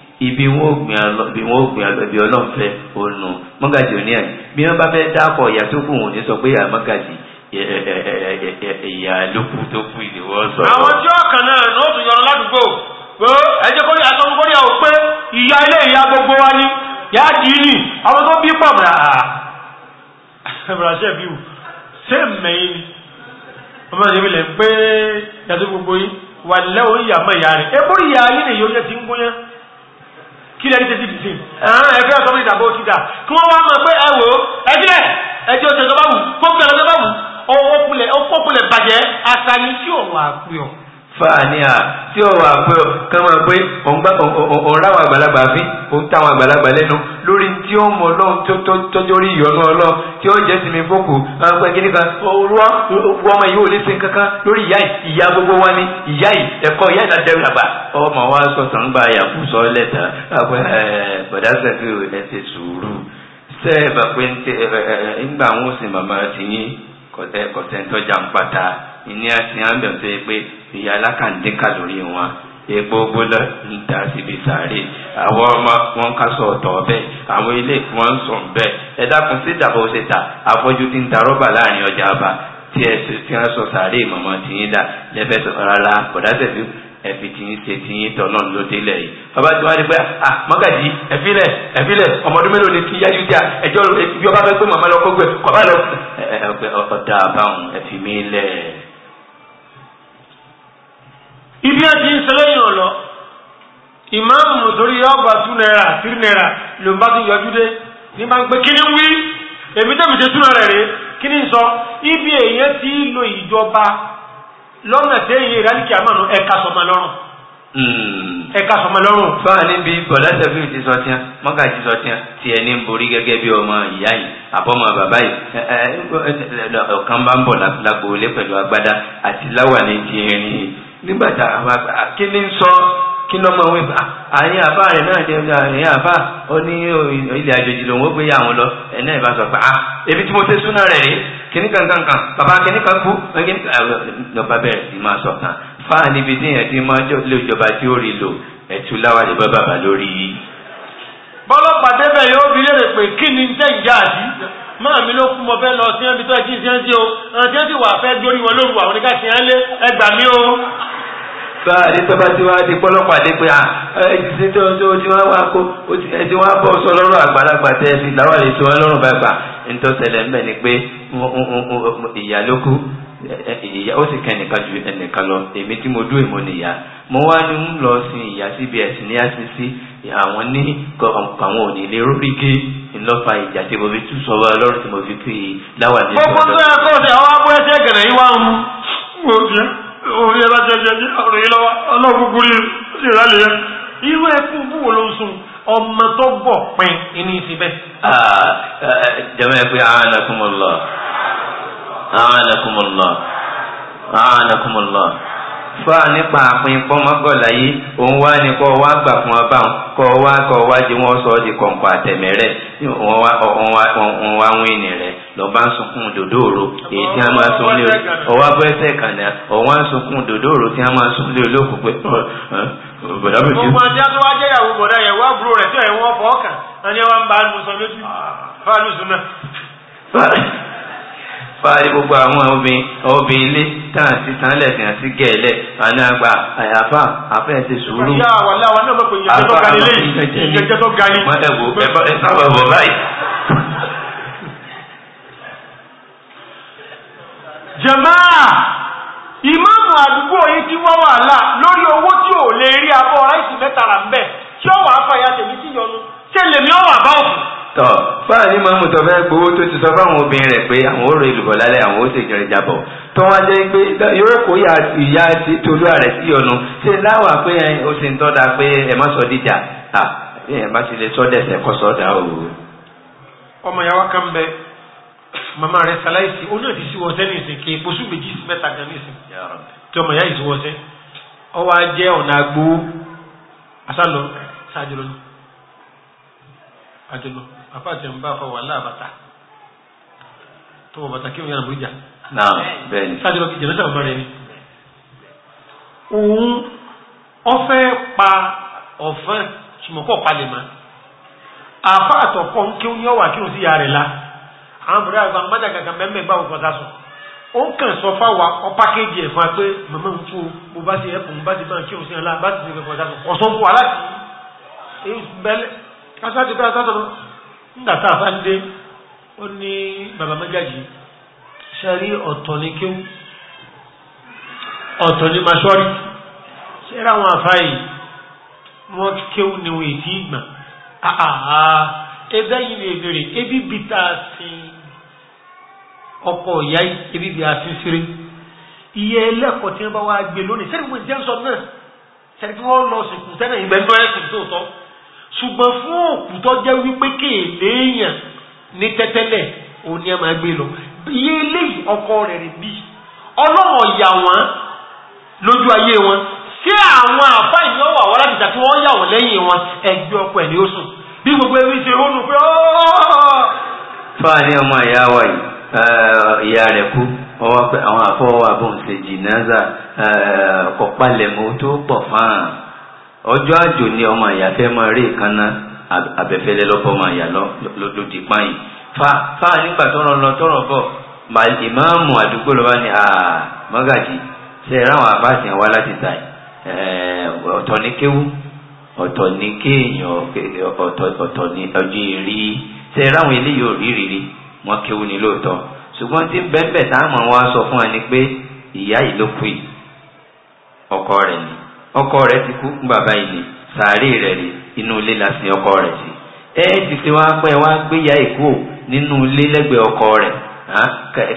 ibi wọn ò gbìn alọ ibi wọn ò gbìn alọ ibi ọlọ́fẹ́ ònù mọ́gàjì òní ẹ̀ bí wọ́n bá fẹ́ dákọ̀ ìyá tó kù òní sọ pé ìyá mọ́gàjì ìyá ló kù tó kù ìdíwọ́ sọ. àwọn tí wọn kàn náà ní oṣù yọrọ ládùúgbò pé ẹjẹ kó yàtọ̀ kó yà ó pé ìyá ilé ìyá gbogbo wa ni yà á dì í nì àwọn tó bí pàmòrà ẹ̀bùràṣẹ́ bí wù ṣé mẹ́yìn ni ọmọ ìṣẹ́bí lẹ̀ ń pé yàtọ̀ gbogbo yìí wà lẹ́wọ̀ ìyá mọ̀ ìyá rẹ̀ ebó ìyá ilé ìyóyẹ ti ń gúnyán kí lẹ́ni tẹ́sí ti sìn ẹ̀hán ẹgbẹ́ ọ̀sán mi ìdàbọ̀ ti dà kí wọ́n wá mọ̀ pé ẹ wò ó ẹgbẹ́ ẹjọ́ ọ̀sẹ̀ tó bá wù kó pẹ̀lú ọ̀sẹ̀ bá wù ó pọ̀pọ̀lẹ̀ bàjẹ́ àṣàyàn tí ò wà pé ọ̀ fàníà tí ó wà pé kán máa pé òun ráwọn àgbàlagbà fín òun táwọn àgbàlagbà lẹ́nu lórí tí ó mọ ọlọ́run tọ́jú orí ìyọnu ọlọ́run tí ó jẹ́ sinmi fókù àwọn ẹgbẹ́ nípa ọwọ́ ọmọ yìí ò ní sin kankan lórí ìyá ìyá gbogbo wa ni ìyá yìí ẹ̀kọ́ ìyá ìlà jẹun àgbà ọmọ wa sọ sàn gba àyàkú sọ lẹ́tà àpẹ bọ̀dá sẹ́fì ò lẹ́sẹ̀ sùúrù sẹ́ẹ̀ bà pé ńgbà wọn sì màmá ti yín kọ̀tẹ́ kọ̀tẹ́ tọ́jà ń pata ìní àti àbẹ̀ tó yẹ pé ìyá alákàndín kàlórí wọn epo gbọ́dọ̀ ń ta síbi sàárè àwọn ọmọ wọn ń kásọ ọ̀tọ̀ bẹ́ẹ̀ àwọn ilé wọn ń sùn bẹ́ẹ̀ ẹ dákun sí ìdàbọ̀ ṣe ta afọ́jú ti ń ta rọ́bà láàrin ọjà àbá tí ẹ sọ sàárè mọ̀mọ́ tìyín dà lẹ́fẹ̀ẹ́ sọ̀rọ̀ rárá kọ̀dá tẹ̀síwò ẹfi tìyín ṣe tìyín tọ náà ló délẹ̀ yìí bàbá tí wọn á di pé à mọ́gàjì ẹ̀fílẹ̀ ẹ̀fílẹ̀ ọmọdún mélòó ni kí yájú tí a ẹjọ́ ibi ọba fẹ́ pé màmá lọ kọ́gbẹ́ kọ́bá lọ. ọ̀dà àbáhùn ẹ̀fí mi lẹ̀. ibi àti ìṣẹlẹyìn ọlọ ìmáàmù mùsùlùmí ọgbà tún náírà tírí náírà ló ń bá tún yọjú dé ní máa ń pé kí ni wí èmi tẹ̀mí ṣe tún náírà rè kí ni sọ ibi èèyàn ti lo ìjọba lọ́nà déyìn ìrálìkì àmàlù ẹ̀ka sọ̀mà lọ́rùn. Hmm. ẹ̀ka sọ̀mà lọ́rùn. báwa níbi bọ̀dá sẹ́fìlì ti sọ tiẹ́ mọ́gà ti sọ tiẹ́ tí ẹ ní borí gẹ́gẹ́ bí ọmọ ìyá yìí àbọ̀mọ bàbá yìí ọ̀kan bá ń bọ̀ lágboolé pẹ̀lú agbádá àti láwà ní ti ẹ̀rín nígbà tá a kí ni sọ kí ló mọ̀ wípé àyìn àbá rẹ̀ náà jẹ́ àyìn àbá ó ní ilẹ̀ àjèjì lòun ó gbé yà wọn lọ ẹ̀ náà ìbá sọ pé à ebi tí mo ti súná rẹ̀ rí kíní kankan kan bàbá kíní kan kú lọ́ba bẹ̀rẹ̀ sí máa sọ kan fáà níbi tí yẹn ti máa lè jọba tí ó rí lò ẹ̀tú láwa lè bá bàbá lórí yìí. bọ́lọ́pàá débẹ̀ yóò fi léèrè pé kí ni tẹ̀ ń já àdí máa mi ló kú mo fẹ́ lọ sí ẹbí tó ẹ bá a rí tọ́ba tí wọ́n á di pọ́lọ́pàá dé pé ẹ̀jẹ̀ tí wọ́n tí wọ́n wá kó ẹ̀jẹ̀ wọ́n á bọ̀ sọ lọ́rọ̀ àgbàlagbà tẹ́ ẹ fi làwọn lè tí wọ́n lọ́rùn bá gbà ntọ́sẹ̀lẹ̀ ńbẹ̀ ni pé ìyá ló kú ìyá ó sì kẹ́ ẹnìkan ju ẹnìkan lọ èmi tí mo dúró ìmọ̀ nìyá mo wá ní ń lọ sin ìyá cbs ní acc àwọn ní àwọn òní lè rórí ńlọ́fà ìjà tí mo fi tú sọ lọ́rùn tí mo fi pè é láwàní orí ẹ̀rọ jẹjẹjẹ ọ̀rọ̀ yìí lọ́wọ́ ọlọ́gbogbo rí ìrẹ́lẹ̀ yẹn irú ẹkú búwo ló ń sun ọmọ tó bọ̀ pin inú ìsìn bẹ́ẹ̀. Ah, ah, ẹ pé àánàkùnmọ̀lọ́ àánàkùnmọ̀lọ́ àánàkùnmọ̀lọ́. fa nípa àpín pọ́nmọ́gọ́lá yìí òun wá ní kọ́ gbà fún ọba òun ọwa wá kọ́ wá jí wọ́n sọ ọ́ di kọ̀ǹkọ̀ àtẹ̀mẹ́rẹ́ wọ́n wá wọ́n wá wọ́n ìní rẹ̀ lọ́ba ń sunkún dòdòrò èyí tí a máa sun lé ọwọ́ abẹ́sẹ̀ kànáà ọ̀wọ́n ń sunkún dòdòrò tí a máa sun lé olókùn pé ajá tó wá jẹ́ ìyàwó bọ̀dá àbúrò rẹ̀ tí <laughs> fari gbogbo àwọn obìnrin obìnrin ilé tán àti tán lẹ́sìn àti gẹ̀ẹ́lẹ̀ àná àgbà àyàfà àfẹ́ ti sùúrù. jamaa ìmáàmù àdúgbò yìí ti wá wàhálà lórí owó tí ò lè rí abọ́ ráìsì mẹ́tàlá ń bẹ̀ tí ó wàá fàyà tèmi sí yọnu ṣé lèmi bá tọ báà ní mọ́mú tó fẹ́ gbowó tó ti sọ fáwọn obìnrin rẹ pé àwọn àwọn sì kiri ìyá tolú sí ṣe láwà pé o sì ń tọ́da pé ẹ̀ má sọ díjà à má sì lè ọmọ yàrá kan bẹ rẹ ó ti sí wọṣẹ nìsín kí epoṣù méjì sí mẹ́ta gan nìsín tí ọmọ yàrá ìsí wọṣẹ ọwọ́ ajẹ́ ọ̀nà àgbo lọ àfàtì ń bá fọ wà láàbàtà tó wọ bàtà kí wọn yára bójà. náà bẹ́ẹ̀ ni. sáájú lọ kí jẹ̀mẹ́sà bàbá rẹ̀ ni. òun ọfẹ́ pa ọ̀fẹ́ sùmọ́kọ́ palẹ̀ mọ́ àfa àtọ̀kọ́ ń kí ó ní ọ̀wà kí ó sì yà la àwọn bùrẹ́ àgbà mọ́jà kankan mẹ́mẹ́ báwo kọ́ sásùn ó kàn sọ fáwa ọpá kéjì ẹ̀ fún wa pé màmá ń tú o bó bá ti ẹ̀kùn bá ti máa kí òun sí ọ̀la bá ti ti kẹ̀kọ́ sásùn kọ̀sọ́ fún wa láti bẹ́lẹ̀ kásá ti bẹ́lẹ̀ nígbà tá a bá ń dé ó ní bàbá mẹ́gàjì ṣe rí ọ̀tọ̀ ní kéwú ọ̀tọ̀ ní masọ́rí ṣe rá àwọn àfáyì wọ́n kéwú ni wọ́n èdè ìgbà àhà ẹgbẹ́ yìí lè bèrè ebi bi ta sí ọkọ̀ ìyá ebi bi a sí sírí iye ẹlẹ́kọ̀ọ́ tí wọ́n bá wá gbé lónìí sẹ́ni wọ́n jẹ́ sọ náà sẹ́ni tí wọ́n lọ sìnkú sẹ́ni ìgbẹ́ńdọ́ ẹ̀sìn tó tọ́ ṣùgbọ́n fún òkú tó jẹ́ wípé kéèlé èèyàn ní tẹ́tẹ́lẹ̀ òun ni ẹ máa gbé lọ iye eléyìí ọkọ rẹ̀ rè bí ọlọ́run yà wọ́n lójú ayé wọn ṣé àwọn àfa ìyẹn wà wọ́n láti tàbí wọ́n yà wọ́n lẹ́yìn wọn ẹgbẹ́ ọkọ ẹ̀ ní ó sùn bí gbogbo ẹbí ṣe rónú pé ọ́ọ́. fáàní ọmọ ìyá wa yìí ìyá rẹ̀ kú wọ́n wá pé àwọn àfọwọ́ àbọ̀ǹṣe jìnnà kọ̀pálẹ̀mọ́ tó pọ̀ fáàn ọjọ́ àjò ni ọmọ ìyá fẹ́ máa rí ìkànnà abẹ́fẹ́lẹ́ lọ́pọ̀ ọmọ ìyá lódì páyìn fa fa nígbà tọrọ lọ tọrọ bọ̀ ìmáàmù àdúgbò lọ́ba ni mọ́gàjì ṣe é ráwọn abáàsì wá láti ta ọ̀tọ̀ ní kéwú ọ̀tọ̀ ní kéèyàn ọ̀tọ̀ ní ọjọ́ ìrí ṣe é ráwọn eléyìí ò rí rírí wọn kéwú ni lóòótọ́ ṣùgbọ́n tí bẹ́ẹ̀ bẹ́ẹ̀ táwọn wá sọ fún wa pé ìyá yìí ló kú ọkọ rẹ̀ ni ọkọ rẹ ti kú fún bàbá yìí sàárè rẹ ni inú ilé la sin ọkọ rẹ̀ sí ẹ ti ṣe wá pẹ́ wá gbéyà èkó nínú ilé lẹ́gbẹ̀ẹ́ ọkọ rẹ̀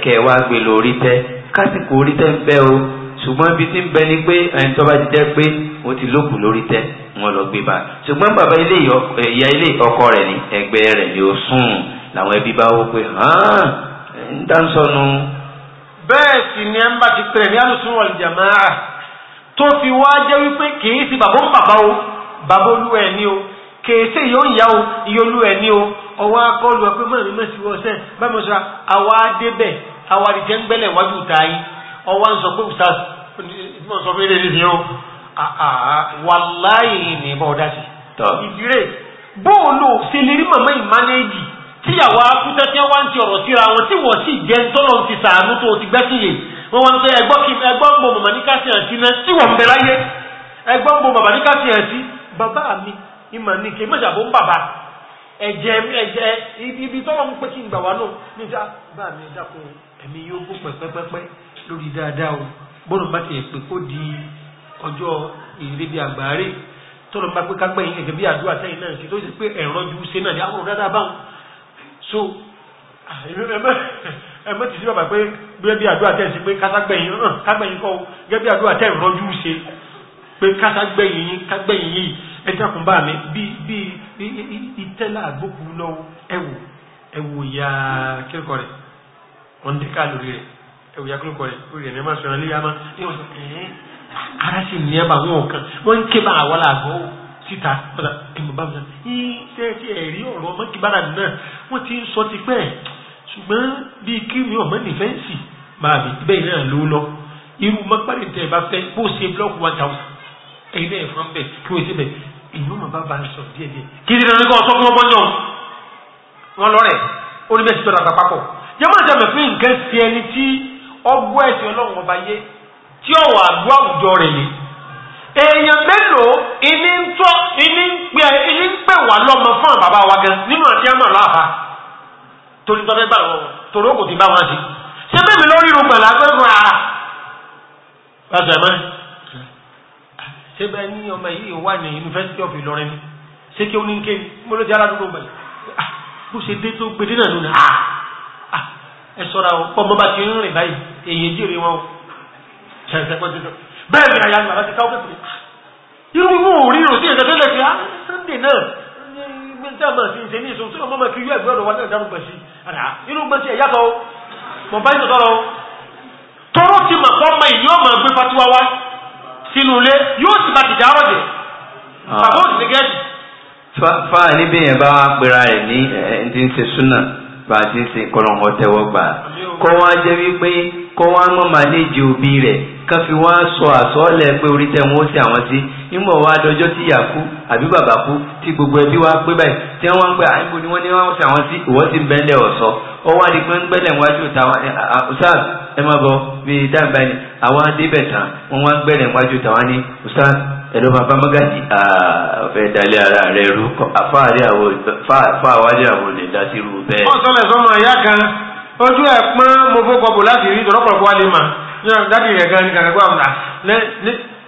kẹ̀ wá gbé lórí tẹ kásìkò orí tẹ ń bẹ́ o ṣùgbọ́n ibi tí ń bẹ ni pé ẹni tó bá ti jẹ́ pé ó ti lókùn lórí tẹ wọn lọ gbé bá ṣùgbọ́n bàbá ilé eh, ìyá ilé ọkọ rẹ ni ẹgbẹ́ rẹ ni ó sùn làwọn ẹbí bá wó pé ń dá ń sọnù. bẹ́ẹ̀ sì ni ẹ ń bá ti pẹ̀lẹ́ ní alùsùn wal jamaa. tó fi wá jẹ́ wípé kìí sí bàbá ń bàbá o bàbá olú ẹ̀ ní o kìí sí ìyó ìyá o ìyó olú ẹ̀ ní o ọwọ́ akọlù ọpẹ́ mọ́rin mímọ́ sí wọ́sẹ̀ báyìí mo sọ àwa débẹ̀ àwa àdìjẹ́ ń gbẹ́lẹ̀ wájú ta yìí ọwọ́ ń sọ pé òkúta mọ̀ sọ fún ilé o wàláyé ní ìbọn ọ̀dá sí. ìdíré bóòlù ṣe lè ìmánéjì tíyàwó akútẹ́tẹ́ wá ń ti ọ̀rọ̀ síra wọn tí wọ́n sì jẹ́ tọ́lọ́ ti sàánú tó ti gbẹ́sìyè wọ́n wọ́n sọ ẹgbọ́n kí ẹgbọ́n bo màmá ní káṣí àti náà tí wọ́n bẹ̀rẹ̀ ayé ẹgbọ́n bo màmá ní káṣí àti bàbá mi ìmọ̀ ní kí mọ̀jà bó ń bàbá ẹ̀jẹ̀ ẹ̀jẹ̀ ibi tọ́lọ́ ń pé kí n gbà wá náà níjà bá mi dákun ẹ̀mí yóò kó pẹ́pẹ́pẹ́pẹ́ lórí dáadáa o bọ́ọ̀lù bá ti pè kó di ọjọ́ ìrírí bíi àgbáre tọ́lọ́ bá pé kágbẹ́yìn ẹ̀jẹ̀ bíi àdúrà sẹ́yìn náà ṣe tó ṣe pé ẹ̀rọ ju ṣe náà ní àwọn ọ̀rọ̀ ẹ̀mọ́ ti sí bàbá pé gẹ́gẹ́ bí àdúrà tẹ́ sí pé káságbẹ̀yìn náà kágbẹ̀yìn kọ́ gẹ́gẹ́ bí àdúrà tẹ́ ìrọ́jú ṣe pé káságbẹ̀yìn yín kágbẹ̀yìn yìí ẹ dákun bá mi bí bí ìtẹ́lá àgbókù lọ́wọ́ ẹ̀wò ẹ̀wò ìyá kílùkọ́ rẹ̀ wọ́n dẹ́ká lórí rẹ̀ ẹ̀wò ìyá kílùkọ́ rẹ̀ lórí rẹ̀ ní máa sọ̀rọ̀ léyà máa ní wọ́n sọ ẹ̀ẹ́ ara sì ní ẹ̀bà wọn kan wọ́n ń ké bá àwọn làgọ́ síta ọ̀dà kìmọ̀ bá mi sọ ẹ̀ẹ́ sẹ́ẹ̀tì ẹ̀rí ọ̀rọ̀ mọ́kìbára náà wọ́n ti ń sọ tipẹ́ ṣùgbọ́n bíi kí mi ò mọ́ nífẹ̀ẹ́sì máa bì bẹ́ẹ̀ náà ló lọ irú mọ́pàdé tẹ̀ bá fẹ́ bó ṣe blọ́ọ̀kù one thousand ẹ̀yin náà ẹ̀fọn bẹ̀ kí wọ́n ṣe bẹ̀ ìlú màmá bá ń sọ díẹ̀ díẹ̀ kí ni dandan kọ́ sọ fún ọgbọ́n náà wọn lọ rẹ̀ ó ní bẹ́ẹ̀ sì tọ́ra papọ̀ jẹ́mọ́ àti àmọ̀ fún nǹkan sí ẹni tí ọgbọ́ ẹ̀sìn ọlọ́run ọba yé tí ọ̀wọ̀ àdó àwùjọ rẹ̀ ni èèyàn mélòó ìní ń tọ́ ìní ń pè wá lọ́mọ fún àbàbá wa gan nínú àti àmọ̀ lọ́ àbá torí tọ́ fẹ́ gbà lọ́wọ́ wọn torí ó kò ti bá wọn sí ṣé bẹ́ẹ̀ lórí irun pẹ̀lú agbẹ́gun ara pàṣẹ mọ́ ṣé bẹ́ẹ̀ ní ọmọ yìí wà ní University of Ìlọrin ṣé kí ó ní ké mo ló ti aládùúgbò gbà ah, bó ṣe dé tó gbedé náà lónìí ah, ah, ẹ sọ́ra o pọ́ bá ti ń rìn báyìí èyí jèrè wọn o ṣẹ̀ṣẹ̀ pẹ́ tuntun bẹ́ẹ̀ ni àyà ni bàbá ti káwọ́ pẹ̀lú irú wọn ò ìròsí ìṣẹ́fẹ́lẹ̀ pé níta máa ti ń ṣe ní ìṣòro tí ọmọ máa fi yú ẹgbẹ́ ọ̀dọ̀ wa náà dárú gbẹ̀sí àná inú gbẹ̀sí ẹ̀yà tọ́ mọ̀ bá yín tọ́lọ́ tọ́rọ́ ti mà kọ́ ọmọ ìyá ọmọ ẹgbẹ́ fatiwa wá sínú ilé yóò sì bá ti dá ọ̀jẹ̀ ah. bàbá ò sì gẹ́ẹ̀sì. fa níbi yẹn bá wàá pera rẹ̀ ní ẹni tí ń ṣe súnà bá a ti ń ṣe kọlọ́mọ tẹ́wọ́ gbà kọ́ wá jẹ́ wípé kọ́ wá mọ̀ màlẹ́jì òbí rẹ̀ ká wá sọ àsọ́ọ̀lẹ̀ pé orí tẹ̀ wọ́n sí àwọn sí nímọ̀ wá dọjọ́ tí ìyá kú àbí bàbá kú tí gbogbo ẹbí wa pé báyìí tí wọ́n ń pẹ́ àìbò ni wọ́n ní wọ́n fi àwọn sí ìwọ́ ti ń bẹ́ńdẹ̀ ọ̀sọ́ ọ wá di pé ń gbẹ́lẹ̀ wájú tàwọn ọ̀sáàb ẹ má bọ bí dáàbà ni àwọn adébẹ̀ tán wọ́n wá ń gbẹ́lẹ̀ wájú tàwọn ní ọ̀sáàb ẹ̀rọ bàbá mágàjì ọ̀fẹ́ dalẹ̀ ara rẹ̀ rú fáwájú àwọn olè dá sí irú bẹ́ẹ̀. wọ́n sọ̀rọ̀ sọ́mọ ìyá kan ojú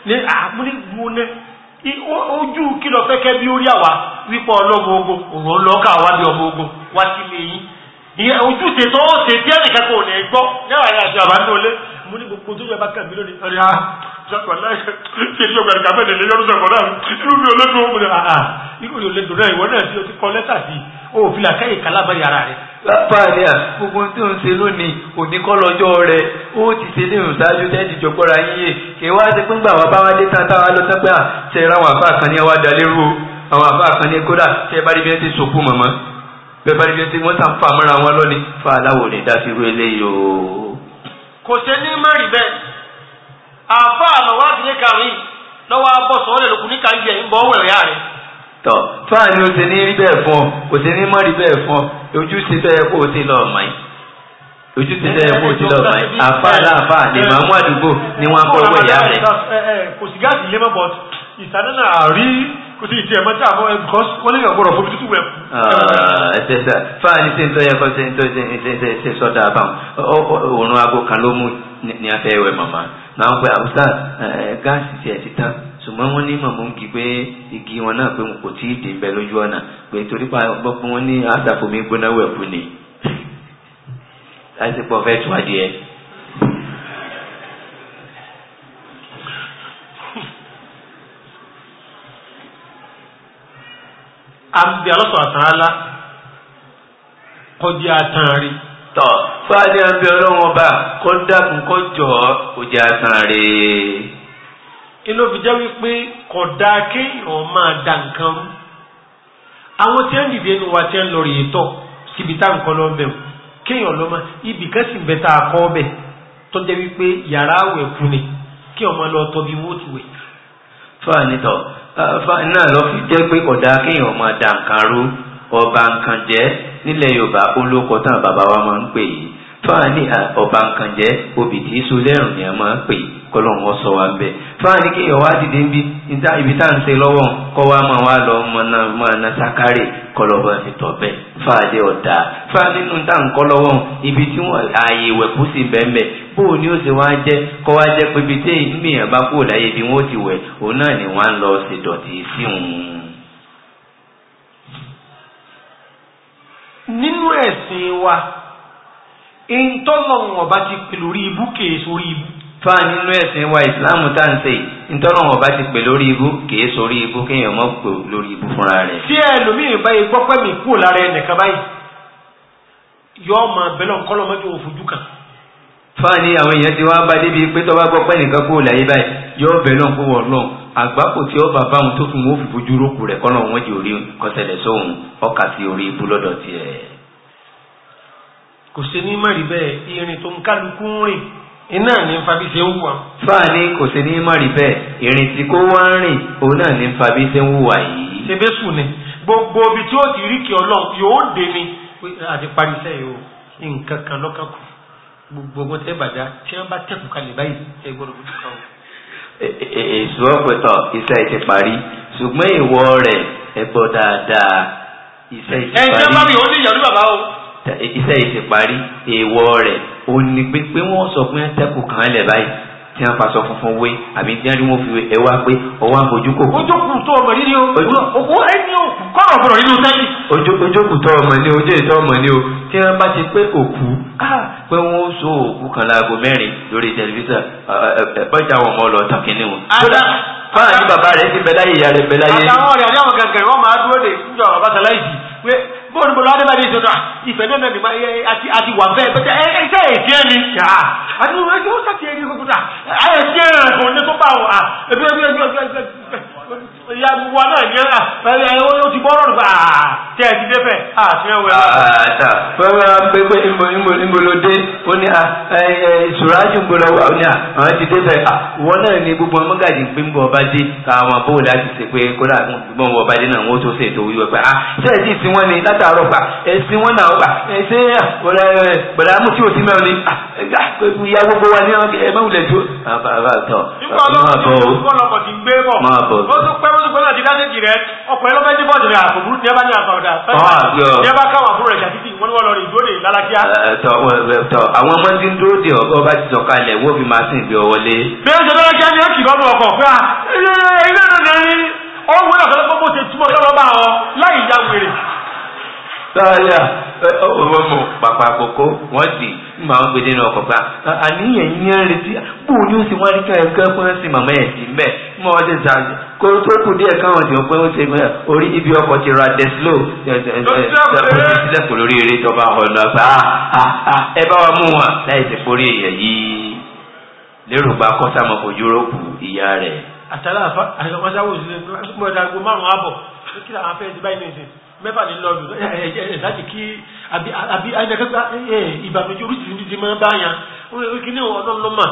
ní àmúlẹ̀gbọ́n ojú kìlọ̀ fẹ́kẹ́ bí ó rí àwà wípọ̀ ọlọ́mọ ogun òun ọlọ́kà wá bí ọmọ ogun wá sí ilé yìí ojú tètò ó ṣe tí ẹnì kankan ò ní gbọ́ níwà ní àti àbá ní olé mo ní gbogbo tó yẹ bá kàmí lónìí ọ̀rẹ́ à ṣàkóso aláì ṣe tí ọgbà ìgbà mẹ́rin o fi làkàyè kálábàárì ara rẹ. lápáàlì à gbogbo tí ò ń ṣe lónìí òní kọ́ lọ́jọ́ rẹ̀ ó ti ṣe léèrè ṣáájú tẹ́ẹ̀dì jọ̀gbọ́ra yíyẹ kì í wá sí pé ńgbà wàá bá wá dé tán táwa lọ sẹ́pẹ́ à ṣe ra àwọn àbá kan ní ẹwà dalẹ́ rú àwọn àbá kan ní kódà ṣe bá rí bí wọ́n ti sòkú mọ̀mọ́ bẹ́ẹ̀ bá rí bí wọ́n ti wọ́n sàn fà mọ́ra wọn lónìí fa aláwọ̀ ní dáfírú eléyìí o. kò ṣe ní mẹ́rin bẹ́ẹ̀ àfa àlọ́wọ́ ń bọ́ wẹ̀rẹ̀ ààrẹ tọ́ fáàní o ṣe ní rí bẹ́ẹ̀ fún ọ kò ṣe ní mọ́ rí bẹ́ẹ̀ fún ọ ojú ṣe tọ́ yẹ kó o ti lọ ọ̀mọ́ yìí ojú ti tọ́ yẹ kó o ti lọ ọ̀mọ́ yìí àfa àláàfà lè máa mú àdúgbò ní wọn kọ́ ọgbọ́n ìyá rẹ̀. kò sí gáàsì lé mọ́ bọ́ọ̀tù ìtànà náà rí kò sí ìtì ẹ̀mọ́ tí a fọ́ because wọ́n lè gbọ́dọ̀ fún mi tútù wẹ̀. ẹsẹ̀ ẹsẹ̀ fáàlì ṣe ń tọ́ yẹ kó ṣe ń tọ́ ṣe sọ́dà àbáwọn òórùn aago kan ló mú ní afẹ́ ẹ̀wẹ̀ màmá náà wọ́n pe àbúsà ah, gáàsì tiẹ̀ ti tán ṣùgbọ́n wọ́n ní màmú ń kí pé igi wọn náà pé wọn kò tí ì dé bẹ́ẹ̀ lójú ọ̀nà pé torí pa ọgbọ́n pé wọ́n ní àdàfọ̀ mi gbóná wẹ̀ fún ni <laughs> láti pọ̀ fẹ́ tù adìẹ àbí alọ́sọ̀ àtàlá kọjá àtàrí. tọ́ fáadé àbí ọlọ́wọ́n bá kó dákun kó jọ ọjà àtàrí. inú fi jẹ́ wípé kódà kéèyàn máa da nǹkan rú àwọn tí wọ́n dìde nu wa tí wọ́n lọ rèé tọ̀ síbi tá nǹkan lọ bẹ̀ kéèyàn lọ́mọ ibì kan sì ń bẹ tá a kọ́ bẹ̀ tó jẹ́ wípé yàrá àwẹ̀ kú ni kí ọmọ lọ tọ́ bí wọ́n ti wẹ̀. fáà nítọ̀ náà lọ fi jẹ́ pé ọ̀dà kéèyàn máa da nǹkan rú ọba nǹkan jẹ́ nílẹ̀ yorùbá olóko tán bàbá wa máa ń pè yìí fáàní ọba nǹkan jẹ́ obì tí so lẹ́rùn ni a máa ń pè kọ́lọ́n wọn sọ wa ń bẹ̀ fáàní kéèyàn wá dìde ń bí ibi tá à ń ṣe lọ́wọ́ kọ́ wa máa wá lọ máa na sákárì kọlọ́bọ̀ ti tọ̀ bẹ́ẹ̀ fáàdé ọ̀dà fáàní nù tá à ń kọ́ lọ́wọ́ ibi tí wọ́n ààyè ìwẹ̀kú sí bẹ́ẹ̀ bó o ó sì wá jẹ́ kó wá jẹ́ pé ibi tí èèyàn bá kúrò láyé bí wọ́n ti wẹ̀ òun náà ni wọ́n á lọ ṣèdọ̀tí sí òun. nínú ẹ̀sìn wa ìtọ́lọ̀wọ̀n ọba ti pè lórí ibú kèé sórí ibú. fa nínú ẹ̀sìn wa ìsìláàmù tá à ń ṣe ìtọ́lọ̀wọ̀n ọba ti pè lórí ibú kèé sórí ibú kéèyàn mọ́ pè lórí ibú fúnra rẹ̀. tí ẹlòmíì báyìí gbọ́pẹ́ mi kúrò lára ẹnìkan báyìí yọ ọmọ abẹ́lẹ̀ ọ̀kọ́lọ́mọ́jọ́ òfojú kan fáàní àwọn èèyàn ti wá bá débi pé tọ́ bá gbọ́ pẹ́ nìkan kó láyé báyìí yóò bẹ̀ lọ́n kó wọ̀ lọ́n àgbákò tí ó bàbá òun tó fún wọn fi fojú rókù rẹ̀ kọ́nà wọn di orí kọsẹ̀lẹ̀ sóhun ọkà sí orí ibú lọ́dọ̀ tiẹ̀. kò ṣe ní má bẹ́ẹ̀ irin tó ń kálukú ń rìn iná ní fabi ṣe ń wà. fáàní kò ṣe ní má bẹ́ẹ̀ irin tí kò wá ń rìn òun náà ní ni gbogbo ibi tí ó ti rí kí ọlọ́run yóò dé ni àti parí iṣẹ́ yìí o gbogbo ọgbọ́n bàjá tí wọ́n bá tẹ̀kùn kalẹ̀ báyìí ẹ gbọ́dọ̀ fojú kan o. èso ọ̀pẹ̀tọ̀ iṣẹ́ ti parí ṣùgbọ́n ìwọ rẹ̀ ẹ dáadáa iṣẹ́ ti parí. ẹ̀yin bá mi ò ní bàbá o. iṣẹ́ ti parí ìwọ rẹ̀ ò ní pé pé wọ́n sọ pé tẹ́kùn kan lẹ̀ báyìí tí wọn paṣọ funfun wé àbí tí wọn fi ẹ wá pé ọwọ́ àbójúkò. ojókù ọmọ nínú o. ojú ọmọ ní o tí wọ́n bá ti pé òkú pé wọ́n so òkú kan láago mẹ́rin lórí tẹlifíṣàn bọ́jà àwọn ọmọ lọ tàn kínní wọn. fáwọn àti bàbá rẹ̀ ti bẹ láyé ìyá rẹ̀ bẹ láyé. àtàwọn ọ̀rẹ́ àti àwọn kankan wọ́n máa dúró de níjọ bàbá sàlàyé pé bóun bolo adé bàbá ìṣòro ìfẹ́ náà nàbí àti àti wà bẹ́ẹ̀ bẹ́ẹ̀ ẹ ẹ ṣe èdè ni. àti wọ́n ṣàtìyẹ́ ní kókó ìyá gbogbo náà yẹn ẹ ẹ ó ti bọ́rọ̀ nípa tẹ ẹ ti débẹ̀ àti ẹwẹ́. àtà pẹ́pẹ́ pẹ́pẹ́ ìmọ̀lódé ó ní ìṣòrájú gbọ́dọ̀ wà ó ní àwọn ti débẹ̀ wọn náà ní gbogbo ọmọgàjì pé ń bọ̀ ọba dé àwọn bóun láti ṣe pé kódà gbọ́n bọ̀ ọba dé náà wọ́n tó ṣe ètò wíwọ́ pé ṣé ẹ ti sin wọn ni látàárọ̀ pa ẹ sin wọn náà pa ẹ ṣe bọ̀dà mú tí o ti mẹ́rin ni ìyá gbogbo wa ní ẹ mẹ́wùlẹ̀ tó. nípa ọlọ́run ní ọlọ́kọ̀ ti gbé bọ̀ ó tún pẹ́ ó tún pẹ́ náà ti dáṣẹ́jì rẹ̀ ọkọ̀ ẹlọ́fẹ́ ní bọ́ọ̀dù rẹ̀ àbùbù ní ẹbá ní àbàdà ní ẹbá káwọn àbúrò rẹ̀ jàdídì wọ́n ní wọ́n lọ rí ìdúró dè lálákíá. tọ àwọn ọmọ tí ń dúró dè ọgọ bá ti sọ̀kalẹ̀ wọ́n fi máa sìn bí ọwọlé. bí ó ṣe lálákíá ni ó kì lọ́mọ ọkọ̀ pé ilé náà ní ọwọ́ wẹ́rẹ́ ọ̀sán lọ́pọ̀ bó ṣe túmọ̀ lọ́wọ́ bá ọ láì ya wèrè sáyà ọmọ mọ pàpà àkókò wọn dì nígbà wọn gbèdé náà kọgbà àníyàn yín ń retí bùn ní oṣù wọn nìkan ẹgbẹ pọn sí màmá ẹ sí mbẹ mọ ọdẹ sàájú kó tó kù díẹ̀ káwọn ti pẹ ó ṣe orí ibi ọkọ̀ ti ra deslo sílẹ̀kùn lórí eré tọba ọ̀nà àgbà ẹ bá wa mú wọn láì sì forí èèyàn yìí lérò gba kọ́sàmọ́kọ̀ yúróòpù ìyá rẹ̀. àtàlà àfa àṣọ kọ́sàmọ́ òṣèlú mọ̀ọ́dà gbọ́ márùn-ún àbọ̀ kí mẹ́fàlélọ́dún <laughs> láti kí àbí àjẹkẹ́gbà ìbànújẹ́ oríṣiríṣi ti máa bá yàn kíní ọdún ló mà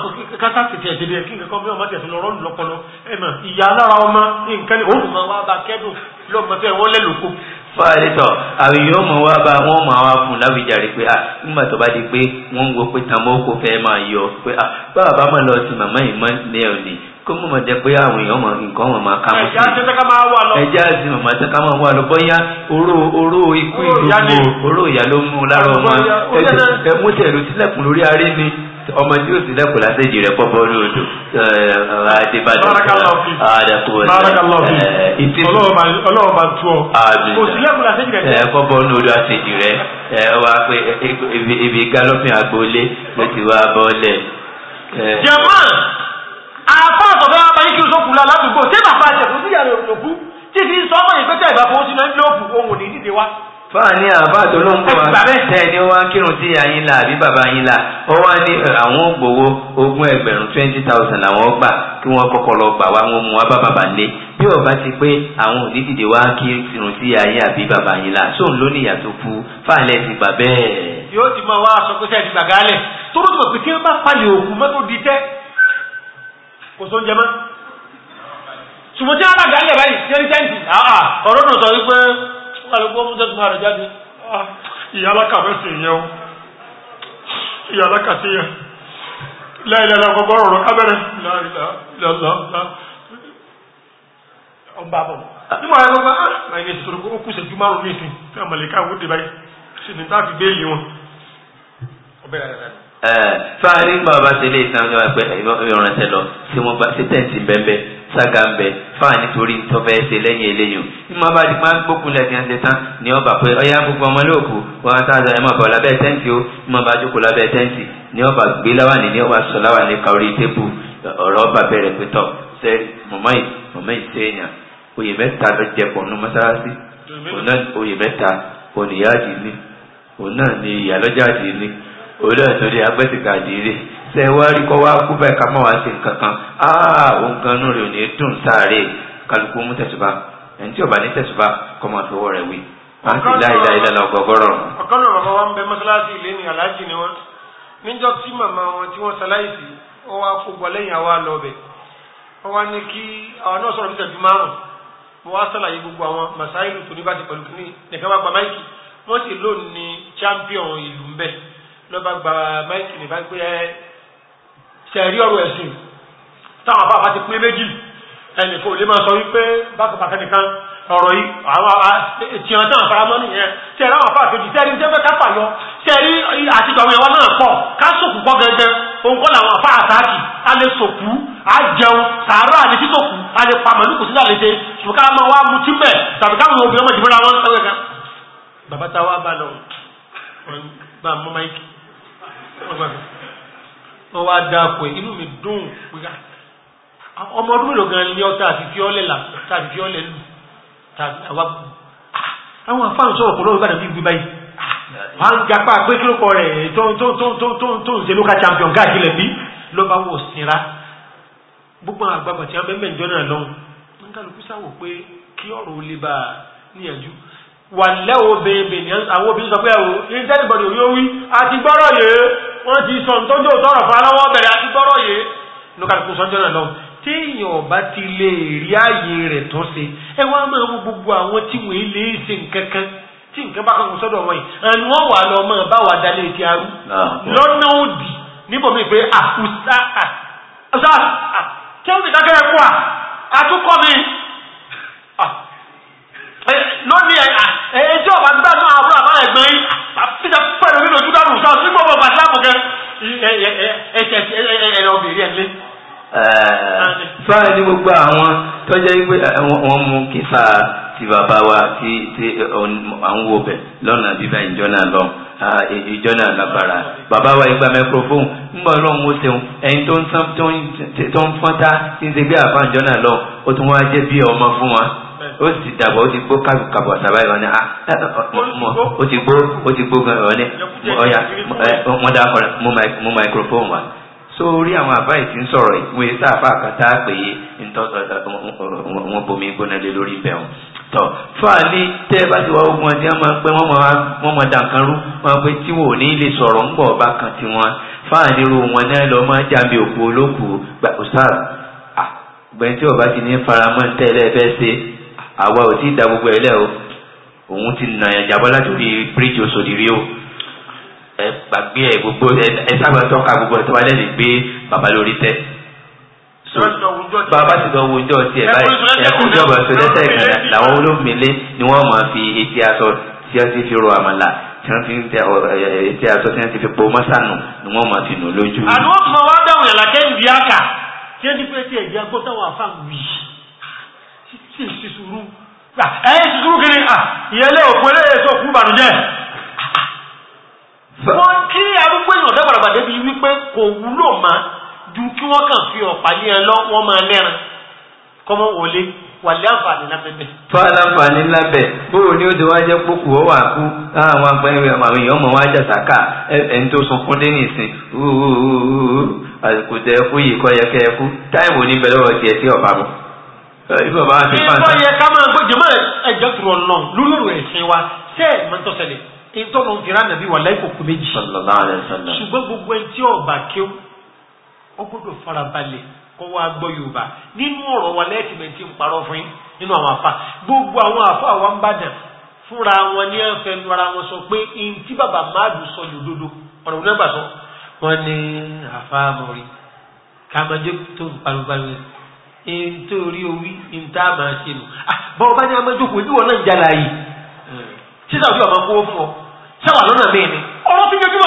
kásá tètè ẹ̀dẹ̀dẹ̀ kí nǹkan mìíràn má tẹ̀sán lọ́rọ́ lọ́pọ̀lọ́ ẹ̀mọ̀ ìyá alára ọmọ nǹkan ní òun máa wá bá kẹ́dùn lọ́mọ tẹ́ wọ́n lẹ́lòkó. fáàlì tọ àwọn yóò mọ wá bá wọn mọ àwọn afún láwùjáre pé à nígbà tó bá di pé wọn ń wo pé tamọ́ kò fẹ́ máa yọ pé à báwa bá mọ̀ lọ sí màmá ìmọ̀ ní ẹ̀ kó mọ̀ jẹ́ pé àwọn èèyàn mọ̀ nǹkan wọn máa ká mọ́ sí i ẹjẹ́ àti màmá tẹ́ ká máa wà lọ bóyá oró oró ikú ìlú oró ìyá ló mú lára ọmọ mú tẹ̀lú sílẹ̀kùn lórí ni ọmọ tí ó sílẹ̀kùn látẹ̀jì rẹ̀ pọ̀ bọ́ọ̀lù kò sílẹ̀kùn látẹ̀jì pọ̀ bọ́ọ̀lù àtẹ̀jì wá pé ibi àfọ́ àtọ̀fẹ́ wa báyìí kí o sókùn lọ tí bàbá àṣẹkù sí ìyàrá òkú tí fi sọ ọmọ yìí pẹ́tẹ́ ìbá fowó sínú ẹ́ńdílọ́pù ohun òní nídìí wa. fáàní àbá àtọ́lóńgbò wa tẹ́ni wá kírun sí àyín la àbí bàbá yín la ó wá ní àwọn ògbówó ogún ẹgbẹ̀rún twenty thousand làwọn gbà kí wọ́n kọ́kọ́ lọ gbà wá wọn mú wá bá bàbá lé bí ọba ti pé àwọn òní dìde wá kírun sí àyín àbí bàbá yín la sóun ló ní ìyàtọ̀ kú fáàlẹ́ ti gbà bẹ́ẹ̀. yóò ti mọ wá aṣọ pé sẹ́ẹ̀ ti gbàgálẹ̀ tó ló ti mọ̀ pé wọ́n bá palẹ̀ òkú mọ́tò di tẹ́ kò só ń jẹ mọ́ ṣùgbọ́n tí wọ́n bá gàálẹ̀ báyìí tí ẹni tẹ́ǹtì àà ọ̀rọ̀ náà sọ wípé alùpùpù ọmọ tó máa rẹ̀ jáde ìyá alákà mẹ́sì yẹn o ìyá alákà sí yẹn lẹ́yìn ẹ̀rọ gbogbo ọ̀rọ̀ kábẹ́rẹ́ ọba bọ̀ nígbà wọn gbogbo ah máa ń yẹ sọ̀rọ̀ kó kú sẹ́jú márùn-ún ní ìsìn tí àmàlẹ́ká wó dé báyìí fáàrí gbọ́n bá ṣe lé ìtàn ọjọ́ àgbẹ̀ ìrànṣẹ́ lọ tí wọ́n bá ṣe tẹ̀sí bẹ́ẹ̀ sága ń bẹ fáàní torí tọ́fẹ́ ṣe lẹ́yìn eléyìí ní máa bá di máa ń gbókun lẹ́sìn ẹsẹ̀ tán ni ọba pé ọyá gbogbo ọmọ lóòkù wọn àtàzà ẹ̀ máa bọ̀ lábẹ́ tẹ́ǹtì ó máa bá jókòó lábẹ́ tẹ́ǹtì ni ọba gbé láwàní ni ọba sọ láwàní ká orí tébù ọ̀rọ̀ ọba bẹ̀rẹ̀ pé tọ́ ṣe mọ̀mọ́ yìí mọ̀mọ́ yìí ṣe èèyàn oyè mẹ́ta ló jẹ pọ̀ nù mọ́sálásí oyè mẹ́ta òun òun náà torí agbẹ́sìkà dìírí ṣe wá rí kọ́ wá kú bẹ́ẹ̀ ká mọ̀ wá sí nǹkan kan áà òun kan nù rẹ̀ ò ní dùn sáré kálukú mú tẹ̀sùbá ẹni tí ò bá ní tẹ̀sùbá kọ́ máa fi ọwọ́ rẹ̀ wí. wọ́n ti láyé láyé lọ́la ọgọ́gọ́rọ̀. ọ̀kan náà bàbá wa ń bẹ mọ́ṣáláṣí ilé ní aláàjì ni wọ́n níjọ́ tí màmá wọn tí wọ́n ṣaláìsí wọ́n wá kó bọ̀ lẹ́yìn àwa lọ bẹ̀ wọ́n wá champion ìlú lọ́ba gba máìkì ní bá gbé ẹ sẹ̀rí ọ̀rọ̀ ẹ̀sìn táwọn afáfá ti pín méjì ẹnì kò lè máa sọ wípé bákàbàkà nìkan ọ̀rọ̀ yìí àwọn tiwọn náà faramọ́ nìyẹn sẹ̀rí àwọn afá àtòjì sẹ́rí ní tẹ́fẹ́ káfà yọ sẹ́rí àtijọ́ àwọn ẹ̀wọ́ náà pọ̀ ká sòkù pọ̀ gẹ́gẹ́ òun kọ́ làwọn afá àtàkì a lè sòkù a jẹun sàárà àti títòkù a lè pa màlúù kò sí náà lè ṣe ṣùgbọ́n ká máa wá mutí mẹ́ tàbí káwọn obìnrin ọmọ ìdìbò ra wọn sọ́wọ́ ẹ̀ka bàbá táwa bá lọ bá mọ́ máìkì wọ́n wá dáko inú mi dùn pé ah, ọmọ ọdún mélòó gan ni ọta àti fiọ́lẹ̀ là tàbí fiọ́lẹ̀ lù tàbí àwa ah, àwọn afáàn sọ̀rọ̀ pọ̀ lọ́wọ́ ìbàdàn bí gbé báyìí wọ́n á gapá pé kí ló kọ rẹ̀ tó tó tó tó tó tó ń ṣe lóka champion káàkiri bí ló bá wò síra gbogbo àwọn àgbàgbà tí wọ́n bẹ́ẹ̀ mẹ́jọ náà lọ́hùn ń kálukú sáwò pé kí ọ̀rọ̀ ó lè bá a níyànjú wà lẹ́wọ̀ bèbè ní àwọn obìnrin sọ pé àwọn ìrìnsẹ́nìbọ̀dì òrí ó wí àti gbọ́rọ̀ yẹn wọ́n ti sọ tójú òtọ́rọ̀ fún aláwọ̀ bẹ̀rẹ̀ àti gbọ́rọ̀ yìí lókàtí kún sọ́jọ́ náà lọ tí èèyàn bá ti lè rí ààyè rẹ̀ tó ṣe ẹ wá máa mú gbogbo àwọn tí wọ́n lè ṣe nǹkan kan tí nǹkan bá kan kún sọ́dọ̀ wọ̀nyí ẹni wọ́n wà lọ mọ́ bá wà dalẹ̀ ti arú lọ́nà òdì níbòmí pé àkùsá àkùsá àkùsá kí ó sì dákẹ́ ẹ̀kọ́ à àtúkọ́ mi lónìí ẹ̀yẹ tí ọba gbádùn àbúrò àbá ẹ̀gbọ́n yìí àfihàn pẹ̀lú nínú ojú dànù sáà sí gbọ́dọ̀ bàtà àbùkẹ́ ẹ̀yẹ obìnrin ẹ̀ lé. fáwọn ní gbogbo àwọn tọ́jà wípé wọ́n mú kísà ti bàbá wa tí à ń wo bẹ̀ lọ́nà bíbá ìjọ náà lọ ìjọ náà lágbára bàbá wa igba microphone ńgbà ọlọ́run ó ṣeun ẹni tó ń fọ́n tá ti ń ṣe bí àbá ìjọ náà lọ ó tún wá jẹ́ bí ọmọ fún wa. ó si dàgbà ó ti gbó kábùkàbù àtàbà ìrọ̀ ni ó ti gbó ó ti gbó gan ìrọ̀ ni wọ́n dá ọkọ̀ mú so orí àwọn àbá ìtì ń sọ̀rọ̀ ìwé sáfà kàtà pé wọ́n bomi gbóná lé lórí bẹ́ẹ̀ wọn tọ̀ fáàlì tẹ́ ẹ bá ti wá ogun ọdí wọn máa wọ́n máa ọba kan ru wọn náà lọ máa òkú olókùú ọba ah, ti ní àwa ò tí ì da gbogbo ẹ̀ lẹ̀ o òun ti nà ẹ̀ jábọ́ láti orí bíríìjì Òṣòdìrí o ẹ gbàgbé ẹ gbogbo ẹ sábà tọ́ka gbogbo ẹ̀ tó wà lẹ́nu gbé bàbá lórí tẹ́ bàbá ti lọ wo ọjọ́ tiẹ̀ báyìí ẹ̀kún ìjọba tó lẹ́sẹ̀ ìgbàlá làwọn olómìniré ni wọ́n máa fi etí aṣọ tí wọ́n ti fi ro àmàlà tí wọ́n fi ń tẹ etí aṣọ tí wọ́n ti fi po mọ́sánù ni wọ́n máa fi nù lójú. àdúgbò kan wá dáhùn yàrá kẹ́hìndínláàkà tí ó ti pé tí ẹ̀jẹ̀ gbọ́dọ̀ wà fáwọn yìí sì sí sùúrù ẹ̀yìn sí sùúrù kiri à ìyẹlẹ́ òkú eléyè tó kú bànújẹ́ wọ́n kí arúgbó èèyàn dábàràbà débi wípé kò wúlò má ju kí wọ́n kàn fi ọ̀pá ní ẹ lọ wọ́n máa lẹ́ran kọ́mọ wọlé wàlẹ́ àǹfààní lábẹ́bẹ̀. fáwọn àǹfààní lábẹ́ bóò ní ó ti wá jẹ́ pókù ọ wà kú àwọn agbẹ́rẹ́ àwọn èèyàn mọ̀ wájà sàkà ẹni tó sunkún dé nìsín àsìkò tẹ ẹkú yìí kọ́ yẹ kẹ́ ẹkú táìmù ní bẹ̀rẹ̀ ọ̀rọ̀ tiẹ̀ sí ọ̀pá mọ́ ibi ọba ti pàǹtà. ìgbọ́ yẹ ká máa gbọ́dọ̀ máa ẹ̀jọ́ tó rọ̀ lọ lórí ọ̀rọ̀ ẹ̀sìn wa ṣé ẹ̀ máa ń tọ́sẹ̀lẹ̀ ìtọ́nà fìrà nàbí wà láì kòkó méjì. ṣùgbọ́n gbogbo ẹni tí ọba kí ó gbọ́dọ̀ farabalẹ̀ kó wá gbọ́ yorùbá nínú ọ̀rọ̀ wa lẹ́ẹ̀tì mẹ́tì ń parọ́ fún yín nínú àwọn àfa gbogbo àwọn àfa wa ń bàdàn fúnra wọn ní ẹ̀fẹ̀ nu wọn sọ pé ihun bàbá máàlù sọ ní ọ̀rọ̀ wọn gbà sọ. wọ́n ní àfa mọ̀rí kàmájẹ́ tó ń pariwo pariwo nítorí orí níta máa ṣe nù ah, bọ́ọ̀ bá ní amẹ́jọ́kọ̀ ìdíwọ̀ náà ń jala yìí ọmọ fún ọ lọ́nà ni ọ̀rọ̀ ti jẹjú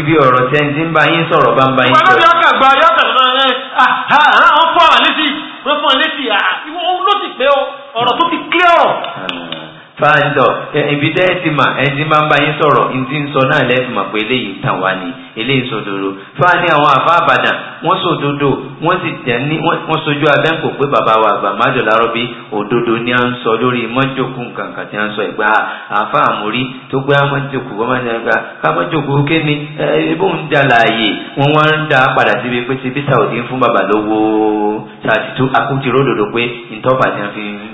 ibi ọ̀rọ̀ tẹ́ ń dín bá yín sọ̀rọ̀ bá ń bá yín sọ̀rọ̀. Ah, fún àwọn létí fáńdọ̀ ibi tẹ́ ẹ ti mà ẹ ti máa ń bá yín sọ̀rọ̀ ntí ń sọ náà lẹ́ẹ̀fì mà pé eléyìí tàn wá ni eléyìí sòdodo fáàní àwọn àfa àbàdàn wọ́n sòdodo wọ́n sì tẹ̀ ní wọ́n sojú abẹ́ǹkò pé bàbá wa àgbà májò lárọ́bí òdodo ni à ń sọ lórí mọ́jòkú nǹkankan tí à ń sọ ẹ̀gbá àfa àmórí tó gbé mọ́jòkú wọ́n ké ni ebó ń da láàyè wọ́n wá ń da padà síbi pé ti bí sàwọ́dí fún bàbá lówó ṣàtìtú akútiró òdodo pé ìtọ́fà ni a fi ń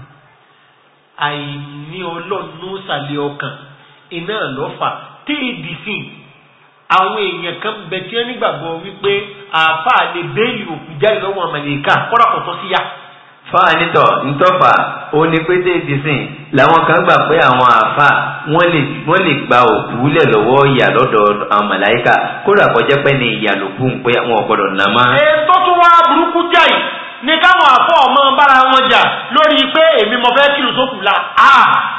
àìní ọlọ́nú sàlẹ̀ ọkàn iná lọ́fà téèdì sí àwọn èèyàn kan bẹ tí wọ́n nígbàgbọ́ wípé àáfàá lè béèlì òkú jáde lọ́wọ́ àmàlẹ́ká kọ́ra kò tọ́ sí yá. fáànítọ̀ ntọ́fà ó ní pé téèdì sí làwọn kan gbà pé àwọn àáfàá wọ́n lè gba òkú lẹ̀ lọ́wọ́ ìyà lọ́dọ̀ àmàlẹ́ká kódà kọjá pé ní ìyà lòkú pé àwọn ọ̀gbọ́dọ̀ nà ètò tó wá burúkú jáì ní káwọn àfọ́ ọmọ bára wọn jà lórí pé èmi mọ fẹ́ kìlù tó kù la.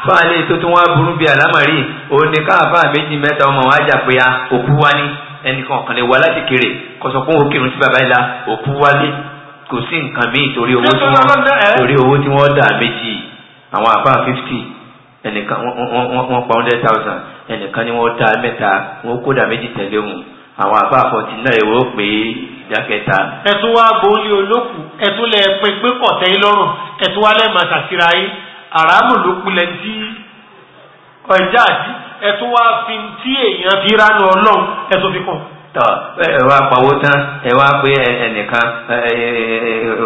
fáàlì tó tún wá burú bíi àlámọ̀rí òun ni káàfà méjì mẹ́ta ọmọ wa jà pé òkú wa ní ẹnìkan kan lè wá láti kéré kọsọ fún òkìrun sí baba ìlà òkú wálé kò sí nǹkan míì torí owó tí wọ́n torí owó tí wọ́n dà méjì àwọn àfà fifty ẹnìkan wọ́n pa hundred thousand ẹnìkan ni wọ́n dá mẹ́ta wọ́n kó dà méjì tẹ̀lé òun àwọn àfà forty nine wọ́n pè é jákẹta. ẹ̀tún wá borí olókù ẹ̀tún lẹ pé pé kọ̀tẹ́ yín lọ́rùn ẹ̀tún wá lẹ́ẹ̀mọ̀ ṣàṣírà yín àràmù ló pilẹ̀ tí ọjà àti ẹ̀tún wá fi tí èèyàn fi ránu ọlọ́run ẹ̀tún fi kàn tọ ẹ wá pawó tán ẹ wá pé ẹnìkan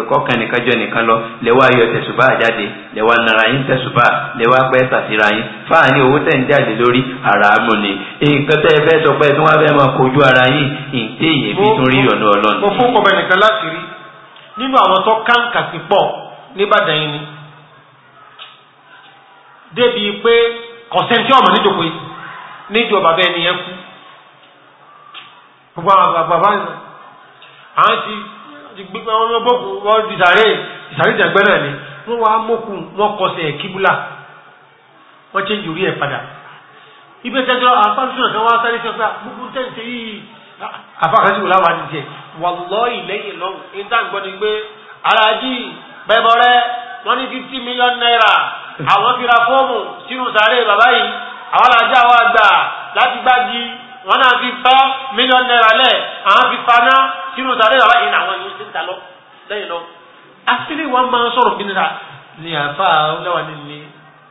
kọkàn nìkan jọ nìkan lọ lẹ wá yọ tẹsùbá jáde lẹ wá nara yín tẹsùbá lẹ wá pẹ sàfihàn yín fáàní owó tẹ̀ ń jáde lórí àràámù ni nǹkan tẹ́ ẹ fẹ́ sọ pé tí wọ́n fẹ́ máa kojú ara yín ìǹtẹ́ èyí fi tún rí ọ̀nà ọlọ́run. mo fún kọ̀ọ̀bẹ nìkan láti rí nínú àwọn tó káǹkà sí pọ̀ níbàdàn yìí ni débìí pé kọ̀sẹ́ntì ọ̀mọ̀ níjòkó gbogbo àwọn àgbààgbà báyìí àwọn ti gbígbé wọn lọ bọ́kù wọn di sàárè ìsàárè ìjàgbẹ́ náà ni wọ́n wá mọ́kù wọn kọsẹ̀ kíbúlà wọ́n ṣe ń jòrí ẹ̀ padà ibi ìtẹ́jọ́ àpáṣúnà kan wá sáré sọ pé ah, gbogbo tẹ́ǹtẹ́ yìí ah, àfàkàṣì wò láwàá nìjẹ́ wallahi lẹ́yìn lọ́wọ́ níta gbọ́ ni pé aláàjì bẹ́bọ̀ rẹ wọ́n ní fifty million naira àwọn fi ra fọ́ọ̀mù sínú sàárè bàbá yìí àwọn aláàjì àwọn àgbà láti gbági wọn náà fi bá mílíọ̀nù náírà lẹ̀ àwọn fi paná sínú ìtàdé ìlàwá yìí làwọn yìí ti ń ta lọ lẹ́yìn lọ. asílẹ̀ wọn máa ń sọ̀rọ̀ gíníta ní àfa ọlọ́wà nílé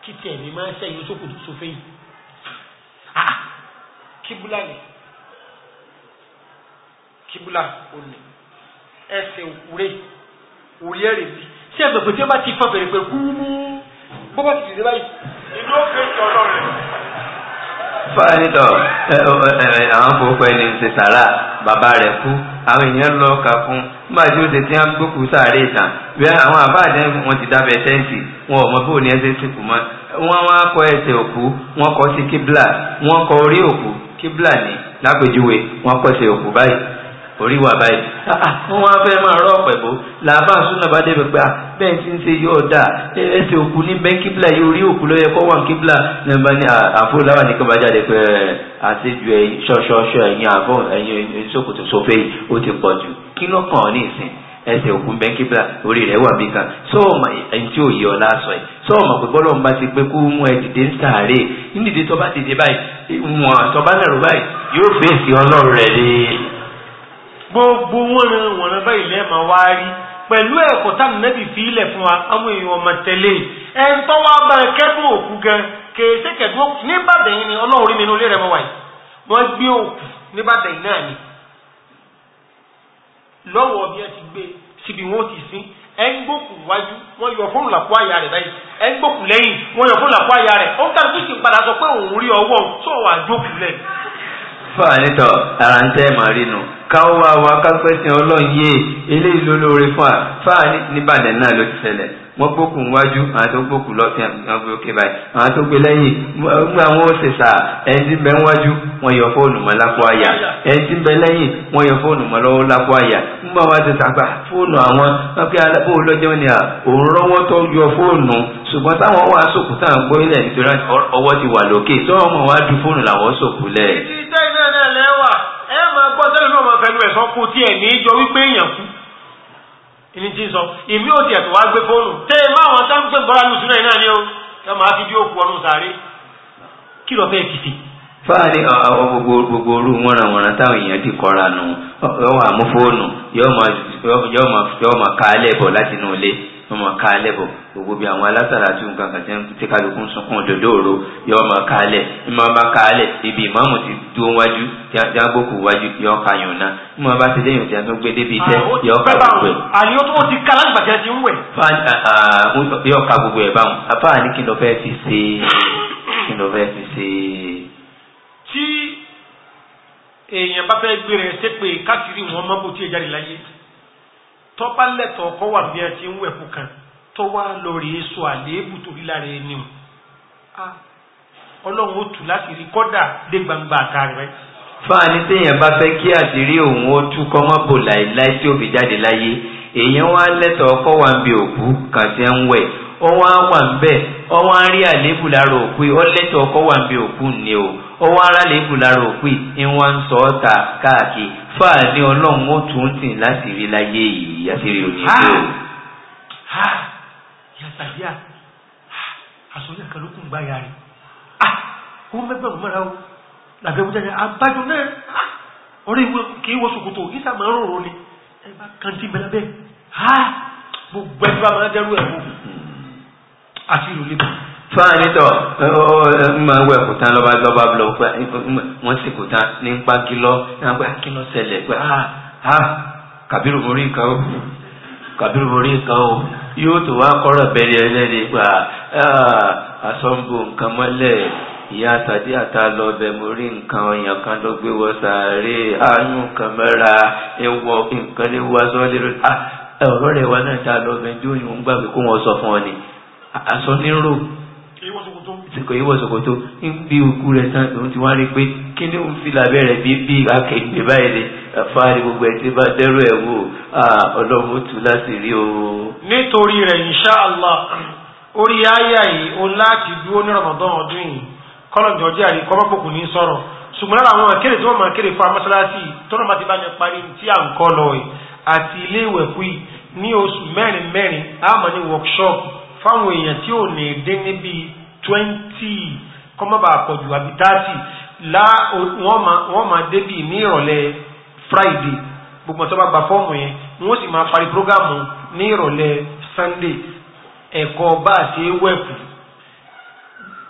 kìtì ẹ̀mí máa ń sẹ́yìn sókò tó fẹ́ yìí. kíbúlà ni kíbúlà ò ní ẹsẹ̀ òkúrẹ́ òrí ẹ̀rẹ̀ bí tí ẹ̀bẹ̀gbẹ̀ tí ó bá ti fọ́ bẹ̀rẹ̀ pẹ̀ kúrú bọ́bá ti dìde báyìí. ìlú ó fẹ́ ìtọ́ ọlọ́run fáyidọ̀ àwọn fòókọ ẹni ṣe sàrà bàbá rẹ̀ kú àwọn èèyàn lọ ọkà fún nígbà tí ó ṣe tí wọ́n gbókù sáré ìtàn bí àwọn àbáàdé wọn ti dábẹ́ tẹ́ǹtì wọn ò mọ bóun ni ẹ ṣe sìnkú mọ́ wọ́n wá kọ ẹsẹ̀ òkú wọ́n kọ sí kíbla wọ́n kọ orí òkú kíbla ní lápèjúwe wọ́n kọ ẹsẹ̀ òkú báyìí orí wà báyìí ah, ah, wọ́n wá fẹ́ máa rọ́ pẹ̀bó làbá súnà bá débi pé ah, bẹ́ẹ̀ ti ń ṣe yóò dà ẹsẹ̀ òkú ní bẹ́ẹ̀ kíbla yóò rí òkú lọ́yẹ kọ́ wà kíbla nígbà ní àfọláwà ní kọ́ba jáde pé àṣejù ẹ̀yìn ṣọ́ṣọ́ṣọ́ ẹ̀yìn àbọ̀ ẹ̀yìn ṣòkòtò ṣòfẹ́ ó ti pọ̀ jù kí ló kàn ọ́ ní ìsìn ẹsẹ̀ òkú bẹ́ẹ̀ kíbla orí rẹ̀ wà bí kan sọ́ọ̀mà ẹni tí ò yẹ ọ lásọ ẹ̀ sọ́ọ̀mà pé bọ́lọ́mù bá ti pé kó mú ẹ dìde ń sàárè nídìí tó bá dìde báyìí wọn àtọ́bánà rò báyìí yóò fèsì ọlọ́run rẹ̀ lé gbogbo wọ́n wọ̀n báyìí lẹ́ẹ̀mà wá rí pẹ̀lú ẹ̀kọ́ táwọn nẹ́bì fi ilẹ̀ fún wa àwọn èèyàn ọmọ tẹ̀lé ẹ̀ ń tọ́wọ́ bá kẹ́dùn òkú gan kèéṣe kẹ́dùn òkú nígbàdàn yìí ni ọlọ́run mi rẹ̀ mọ́ wáyé wọ́n gbé òkú yìí náà ni lọ́wọ́ bí ti gbé síbi wọn ti sin ẹ ń gbókù wájú wọn yọ fóònù làpọ̀ àyà rẹ̀ báyìí ẹ̀ ń lẹ́yìn yọ làpọ̀ àyà rẹ̀ fàánítọ̀ ara ń tẹ́ màá rí nu káwọ́ wa wá kápẹ́sìn ọlọ́run yé eléyìí lólóore fún wa fáà níbàdàn náà ló ti ṣẹlẹ̀ wọ́n gbókùn wájú àwọn tó gbókùn lọ́sìn àwọn gbé òkè báyìí àwọn tó gbé lẹ́yìn gbogbo àwọn òṣèṣà ẹni tí ń bẹ wájú wọn yọ fóònù mọ́ lápò àyà ẹni tí ń bẹ lẹ́yìn wọn yọ fóònù mọ́ lọ́wọ́ lápò àyà nígbà wọn ti sàgbà fóònù àwọn wọn kí alábò ni à òun rọ́wọ́ tó yọ fóònù ṣùgbọ́n táwọn wà sòkù táwọn gbọ́ ilẹ̀ nítorí ọwọ́ ti wà lókè ẹ máa gbọ́ tẹ́lifíwọ̀n máa fẹnu ẹ̀sán kú tí ẹ̀ ní í jọ wípé èèyàn kú ní tí ń sọ ìmí ò tiẹ̀ tó wá gbé fóònù tẹ́ ẹ máa wọn tá ń gbé bọ́lá ní oṣù náà ni ó ẹ máa fi bí òkú ọdún sáré kí lọ fẹ́ fi sí. fáàrí gbogbo orú wọ́nranwọ̀nran táwọn èèyàn ti kọ́ra nù yọ wà mú fóònù yọ máa kálẹ̀ bọ̀ látinú ilé wọn máa ká alẹ́ bọ̀ gbogbo bí àwọn alásàrà tí nǹkan kan tí kálukú ń sunkún òdòdó òru yọ máa ká alẹ́ ìmọ̀ bá ká alẹ́ ibi ìmáàmù ti dúró wájú tí a gbókù wájú yọ ká yàn náà ìmọ̀ bá ti lẹ́yìn tí a tún gbé débi tẹ́ yọ ká gbogbo ẹ̀. àyè tó ti ká láti bàjẹ́ ti ń wẹ̀. yọ ah, ah, ká gbogbo ẹ̀ báwọn apá ní kí n fẹ́ fi ṣe kí n fẹ́ fi ṣe. tí èèyàn bá fẹ́ gbé rẹ̀ sépè káàkiri tọ́pá lẹ́tọ̀ ọkọ̀ wà bí ẹ ti ń wẹ̀kú kan tó wá lọ rèé sọ àléébù torí lára ẹni o ọlọ́run ó tù láti rí kọ́dà dé gbangba àta rẹ̀. fáàní téèyàn bá fẹ́ kí àṣírí òun ó tú kọ́ mọ́ bò láìláì tí ó fi jáde láyé èèyàn wá lẹ́tọ̀ ọkọ̀ wà ń bi òkú kàn ti ń wẹ̀ ó wá wà ń bẹ̀ ó wá rí àléébù lára òkú ó lẹ́tọ̀ ọkọ̀ wà ń bi òkú ni o ó wá ń èébù lára òkú ìwọ̀n sọ ọ́ ta káàkiri fáà ní ọlọ́run ó tún tì láti rí láyé yìí àṣírí òní tó. ha yàtàdíà àsọyà kan ló kún gbáyà rẹ̀ ah ó mẹ́gbẹ̀rún mọ́ra o làbẹ́ wújá ni abájọ náà orí ìwé kì í wọ ṣòkòtò ìsà máa ń rọrùn ni ẹ bá kàntí mẹ́ra bẹ́ẹ̀ ha gbogbo ẹgbẹ́ máa ń dẹ́rù ẹ̀ wò àṣírí òní tó. fáàní tọ ọ wẹ kùtà lọba lọba lọ pé wọn sì kùtà ní ń lọ pé ah, pé ah ah kàbírù mo rí nǹkan o kàbírù mo rí nǹkan o yóò tó wá kọ́rọ̀ bẹ̀rẹ̀ ẹlẹ́rìí ah, ah, nǹkan mọ́lẹ̀ ìyá àtàdé mo rí nǹkan ọ̀yàn ta sìkò ìwọ̀ ṣòkòtò ń bí òkú rẹ̀ tán lòun ti wá rí pé kí ni òun fi làbẹ́ bí bí akẹ́gbẹ́ báyìí lè fáàrí gbogbo ẹ̀ tí bá dẹ́rù ẹ̀ wò ọlọ́run tù láti rí o. nítorí rẹ̀ insha orí àyà yìí o láti dúró ní Ramadan ọdún yìí kọ́lọ̀jọ́ jẹ́ àrí kọ́mọ́pọ̀kù ní sọ̀rọ̀ ṣùgbọ́n lára àwọn akéde tí wọ́n máa kéde fún amọ́sálásí tọ́nà bá ti bá yẹn parí tí à ń kọ́ lọ yìí àti ilé ìwẹ̀kú yìí ní oṣù mẹ́rin mẹ́rin àmọ́ ní workshop fáwọn èèyàn tí ò ní dín níbi 20, twenty kọ́mọ́bà àpọ̀jù àbí thirty lá wọ́n máa débì ní ìrọ̀lẹ́ friday gbogbo ọ̀tọ́ bá gba fọ́ọ̀mù yẹn wọ́n sì máa parí prógámù ní ìrọ̀lẹ́ sunday ẹ̀kọ́ bá àti wẹ́ẹ̀pù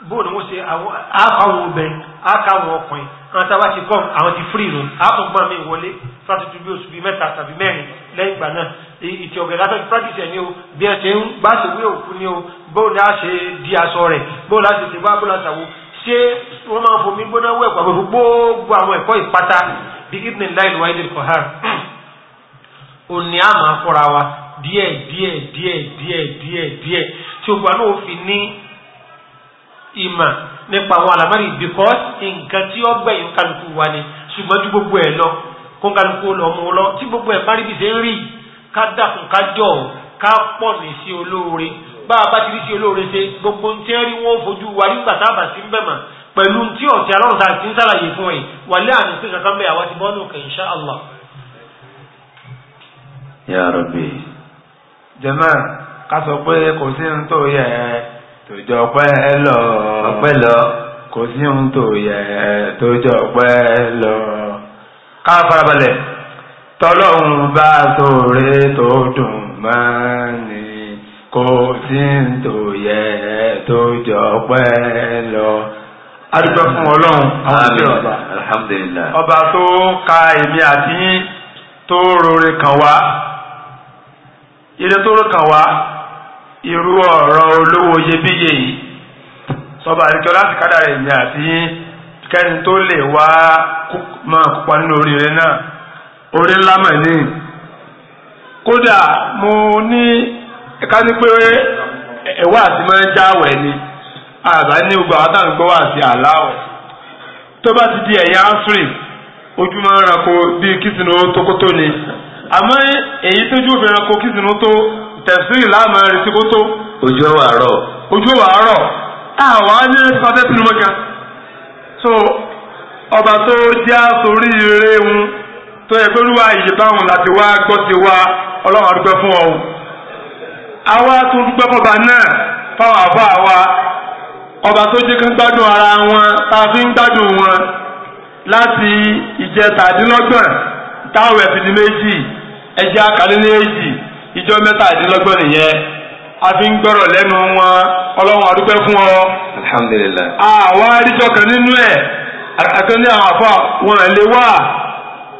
bóòdù wọ́n ṣe àkàwọn obìnrin àkàwọn ọkùnrin àwọn tábà ti kọ́ àwọn ti fírì nù àtúngbọ́n mi wọlé fásitì bí oṣù bíi mẹ́ta tàbí mẹ́rin lẹ́yìn ìgbà náà ìtì ọ̀gẹ̀dẹ̀ àtọ́jú practice ẹ̀ ní o bí ẹ ṣe ń gbáṣẹ́wé òkú ní o bóun ni a ṣe di aṣọ rẹ̀ bóun láti ṣe wá bóun láti àwo ṣé wọ́n máa fomi gbóná wẹ̀ pàbó gbogbo àwọn ẹ̀kọ́ ìpátá bí ibn lai wáyé lè kọ́ hàn ní a máa fọ́ra wa díẹ̀ díẹ̀ díẹ̀ díẹ̀ díẹ̀ díẹ̀ tí o gbà náà ó ní ìmà nípa àwọn àlàmárì because nǹkan tí ó gbẹ̀yìn kálukú wa ni ṣùgbọ́n ju gbogbo ẹ̀ lọ kó kálukú lọ mú lọ tí gbogbo ẹ̀ bá rí bí ṣe ń rí ká dàkún ká jọ ká pọ̀ ní sí olóore bá a bá ti rí sí olóore ṣe gbogbo ń tẹ́rí wọn fojú wa nígbà tá a bá sí ń bẹ̀mọ̀ pẹ̀lú tí ọ̀tí alọ́run ta ti ń sàlàyé fún ẹ̀ wà lé àmì pé kankan bẹ́ẹ̀ àwa ti bọ́ nùkẹ́ insha Allah. Ya Rabbi jẹ́mọ́ ká sọ pé kò sí ohun tó yẹ tó jọ pẹ́ lọ pẹ́ lọ kò sí ohun tó yẹ tó jọ pẹ́ lọ. ká farabalẹ̀ tọ́lọ́hún bá sóore tó dùn máa ní. kò sí tó yẹ tó jọ pẹ́ lọ. adúgbò fún ọlọ́run àwọn ọba alhamdulillah ọba tó ka èmi àti tó rore kàn wá ilé tó rore kàn wá irú ọ̀rọ̀ olówó iyebíye yìí sọba àdìjọ láti kádà rẹ̀ èmi àti kẹ́ni tó lè wá máa kópa nínú oríire náà orí ńlá mọ̀ ní kódà mo ní ká ní pé ẹ̀wá àti máa ń jáwẹ̀ ni àbá ní gbogbo àwọn táwọn gbọ́ wà sí àláwẹ̀ tó bá ti di ẹ̀yà áfírì ojú máa ń ranko bí kìsìnú tókótó ni àmọ́ èyí tójú òfin ranko kìsìnú tó tẹ̀sírì láàmú ẹ̀rí sí kótó. ojú ọwọ àárọ̀. ojú ọwọ àárọ̀ àwa ní ẹni sínú mọ́gà so ọba tó jẹ́ àsorí ire wọn tó yẹ pé olúwa ìyè báwọn láti wá gbọ́ ti wá ọlọ́run àdúgbò fún ọ àwa tó dúpẹ́ fọba náà fáwọn àbá àwa ọba tó jẹ́ kí ń gbádùn ara wọn tá a fi ń gbádùn wọn láti ìjẹtàdínlọ́gbọ̀n táwọn ẹ̀fìn ní méjì ẹjẹ́ àkàlẹ́ èjì ìjọ mẹ́tàdínlọ́gbọ̀n nìyẹn a fi ń gbọ́rọ̀ lẹ́nu wọn ọlọ́run àdúpẹ́ fún ọ. alhamdulilayi. àwa àdìjọ kan nínú ẹ̀ àkànní àwọn àfọ wọn lè wà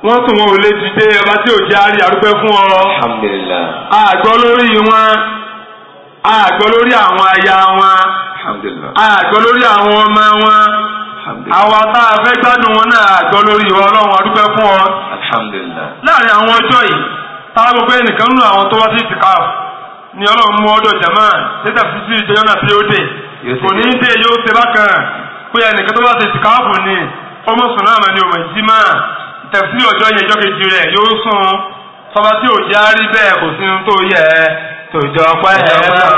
wọ́n sùn wọn ò lè dìde ọba tí ò jẹ́ àárí àdúpẹ́ fún ọ. alhamdulillah. àgbọ́ lórí wọn àgbọ́ lórí àwọn aya wọn alhamdulillah. àgbọ́ lórí àwọn ọmọ wọn alhamdulillah. àwa tá a fẹ́ gbádùn wọn náà àgbọ́ lórí wọn ọlọ́run àdúpẹ́ fún ọ. alhamdulillah. láàrin àwọn ọjọ́ yìí táwọn gbogbo ẹnìkan nínú àwọn tó wá sí ìtìkáf ni ọlọ́run mú ọdọ̀ jẹ̀mọ́ tẹ́tà fífi ìjọyọ̀ náà sí ó dé kò ní í dé yóò ṣe bákan pé ẹnìkan tó bá ti ìtìkáf ni ọmọ sùn náà ni òmò ìjímọ́ tẹ̀sí ọjọ́ yẹn ọjọ́ kejì rẹ̀ yóò sùn tọba tí ò já rí bẹ́ẹ̀ kò sí ohun tó yẹ tòjọ pẹ́ lọ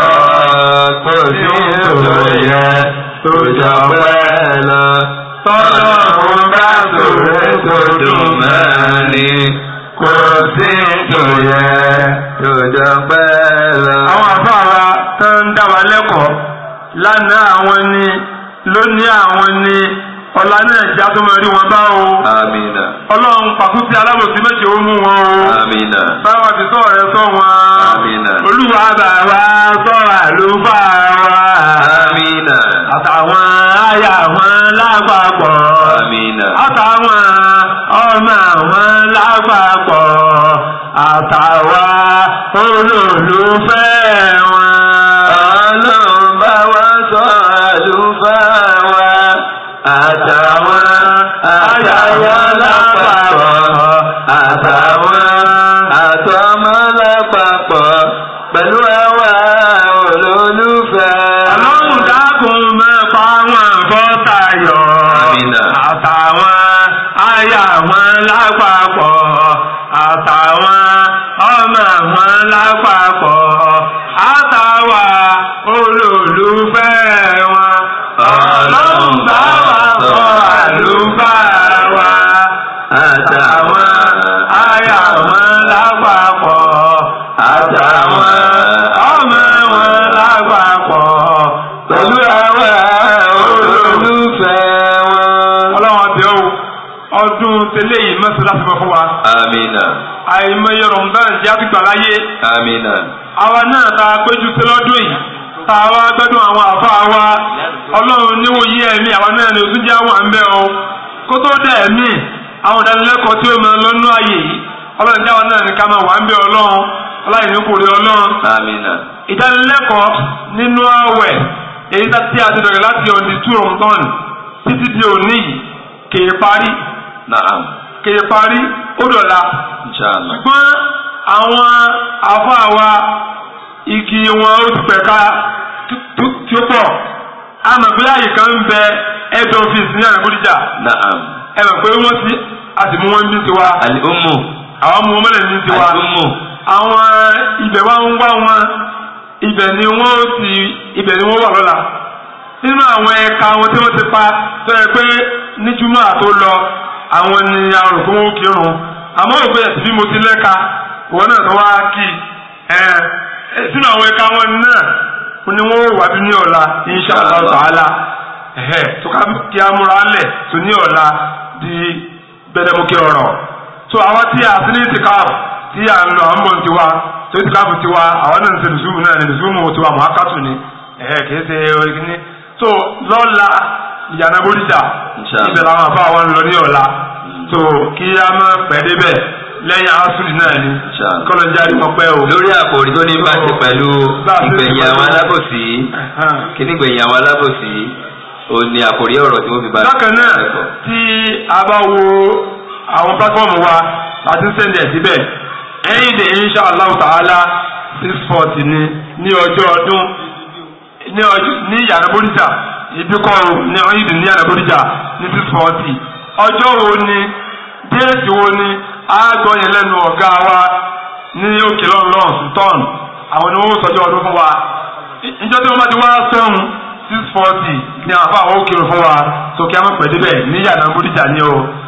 kò sí ohun tó yẹ tòjọ pẹ́ lọ tọ́lọ́ fún bá sòrè tó dùn mẹ́ni kò sí tó yẹ tòjọ pẹ́ lọ. àwọn àfáàrà tó ń dá wa lẹ́kọ̀ọ́ lánàá àwọn ni lónìí àwọn ni ọ̀la náà ìjà tó máa rí wọn bá o. amina. ọlọ́run pàkúté alábòsí méje ó mú wọn o. amina. báwa ti sọ rẹ sọ wọn. amina. olúwa bàbá sọ̀rọ̀ ló bá wa. amina. àtàwọn aya wọn lápapọ̀. amina. àtàwọn ọmọ wọn lápapọ̀. àtàwọn olólùfẹ́ wọn. ọlọ́run bá wa sọ̀rọ̀ ló bá wa àtàwọn àtàwọn lápapọ̀ àtàwọn àtọmọ lápapọ̀ pẹ̀lú àwa olólùfẹ́. ọlọ́run dákun mẹ́fà wọn bọ́ tayọ̀ àtàwọn àyà wọn lápapọ̀ àtàwọn ọmọ wọn lápapọ̀. sẹlẹ̀ yìí mọ́sálásí fún wa. amina. àìmọye rọ̀ǹbà ń jẹ́ àtúgbà láyé. amina. àwa náà tá péjú sí lọ́dún yìí tá a gbẹ́dùn àwọn àfa wa ọlọ́run níwò yí ẹ̀mí àwa náà ni òtún àwọn àmbẹ́ o kó tó dẹ̀ ẹ̀mí àwọn ìdánilẹ́kọ̀ọ́ tí ó máa lọ́nú ààyè yìí ọlọ́run jẹ́ náà ní ká máa wà ń bẹ ọlọ́run aláìní kò rí ọlọ́run. amina. ìdánilẹ́kọ̀ọ́ nínú ààwẹ̀ èyí tí a ti bẹ̀rẹ̀ láti ọ̀dì tú rọ̀mùtọ́nù títí di òní kì í parí naam kéde parí ó dọ̀la inshallah ṣùgbọ́n àwọn àfáà wa igi wọn ó ti pẹ̀ka tí ó pọ̀ amọ̀gbéyà yìí ń bẹ ẹ̀dọ̀ ọ́fíìsì ní àrẹ̀bùdíjà naam ẹ mọ̀ pé wọ́n ti àtìmú wọn bí tiwa àlìhómù àwọn ọmọ ọmọlẹ̀ ní tiwa àlìhómù àwọn ibẹ̀ wa ń wá wọn ibẹ̀ ni wọ́n ti ibẹ̀ ni wọ́n wà lọ́la nínú àwọn ẹ̀ka wọn tí wọ́n ti pa tó yẹ pé ní àtó lọ àwọn ni àrùn kó ń kírun àmọ́ òpin ẹ̀sìn bí mo ti lẹ́ka ìwọ náà tó wá kí ẹ sínú àwọn ẹ̀ka wọn náà ni wọ́n wà bí ní ọ̀la insha Allah tó ká kí á múra lẹ̀ tó ní ọ̀la di gbẹdẹmukẹ ọ̀rọ̀ tó àwọn tí a ti ní ìtìkáàbù tí a ń lọ à ń bọ̀ tiwa tó ìtìkáàbù tiwa àwọn náà ń ṣe lùsùmù náà ní lùsùmù tiwa mọ̀ á kàtù ni kì í ṣe ẹ̀rọ ìkíní tó lọ́la ìyànà bódìjà ibẹ̀ làwọn àbá wa ń lọ ní ọ̀la tó hmm. kí a má pẹ́ débẹ̀ lẹ́yìn asúlì náà ni kọ́lọ́njà rí wọn pẹ́ o. lórí àkòrí tó ní bá ṣe pẹ̀lú ìgbẹ̀yìn àwọn alábòsí kíní ìgbẹ̀yìn àwọn alábòsí o ní àkòrí ọ̀rọ̀ tí wọ́n fi bá ṣe. náà tí a bá wo àwọn pátákọ́ọ̀mù wa láti ń síbẹ̀ ẹ̀yìn dè insha Allah ta'ala six forty ni ní ọjọ́ ọdún ní ìyànà bódìjà ibi kọ́ o ní ọ̀yìn ní àdàbòdìjà ní six forty ọjọ́ wo ni déètì wo ni aago yẹn lẹ́nu ọ̀gá wa ní òkè lọ́nlọ́n tọ́n àwọn ni wọ́n sọjọ́ ọdún fún wa níjọ́ tí wọ́n bá ti wá sẹ́hùn six forty ni àfa àwọn òkè fún wa sókè àmọ́ pẹ̀lú bẹ́ẹ̀ ní yàrá bòdìjà ni o.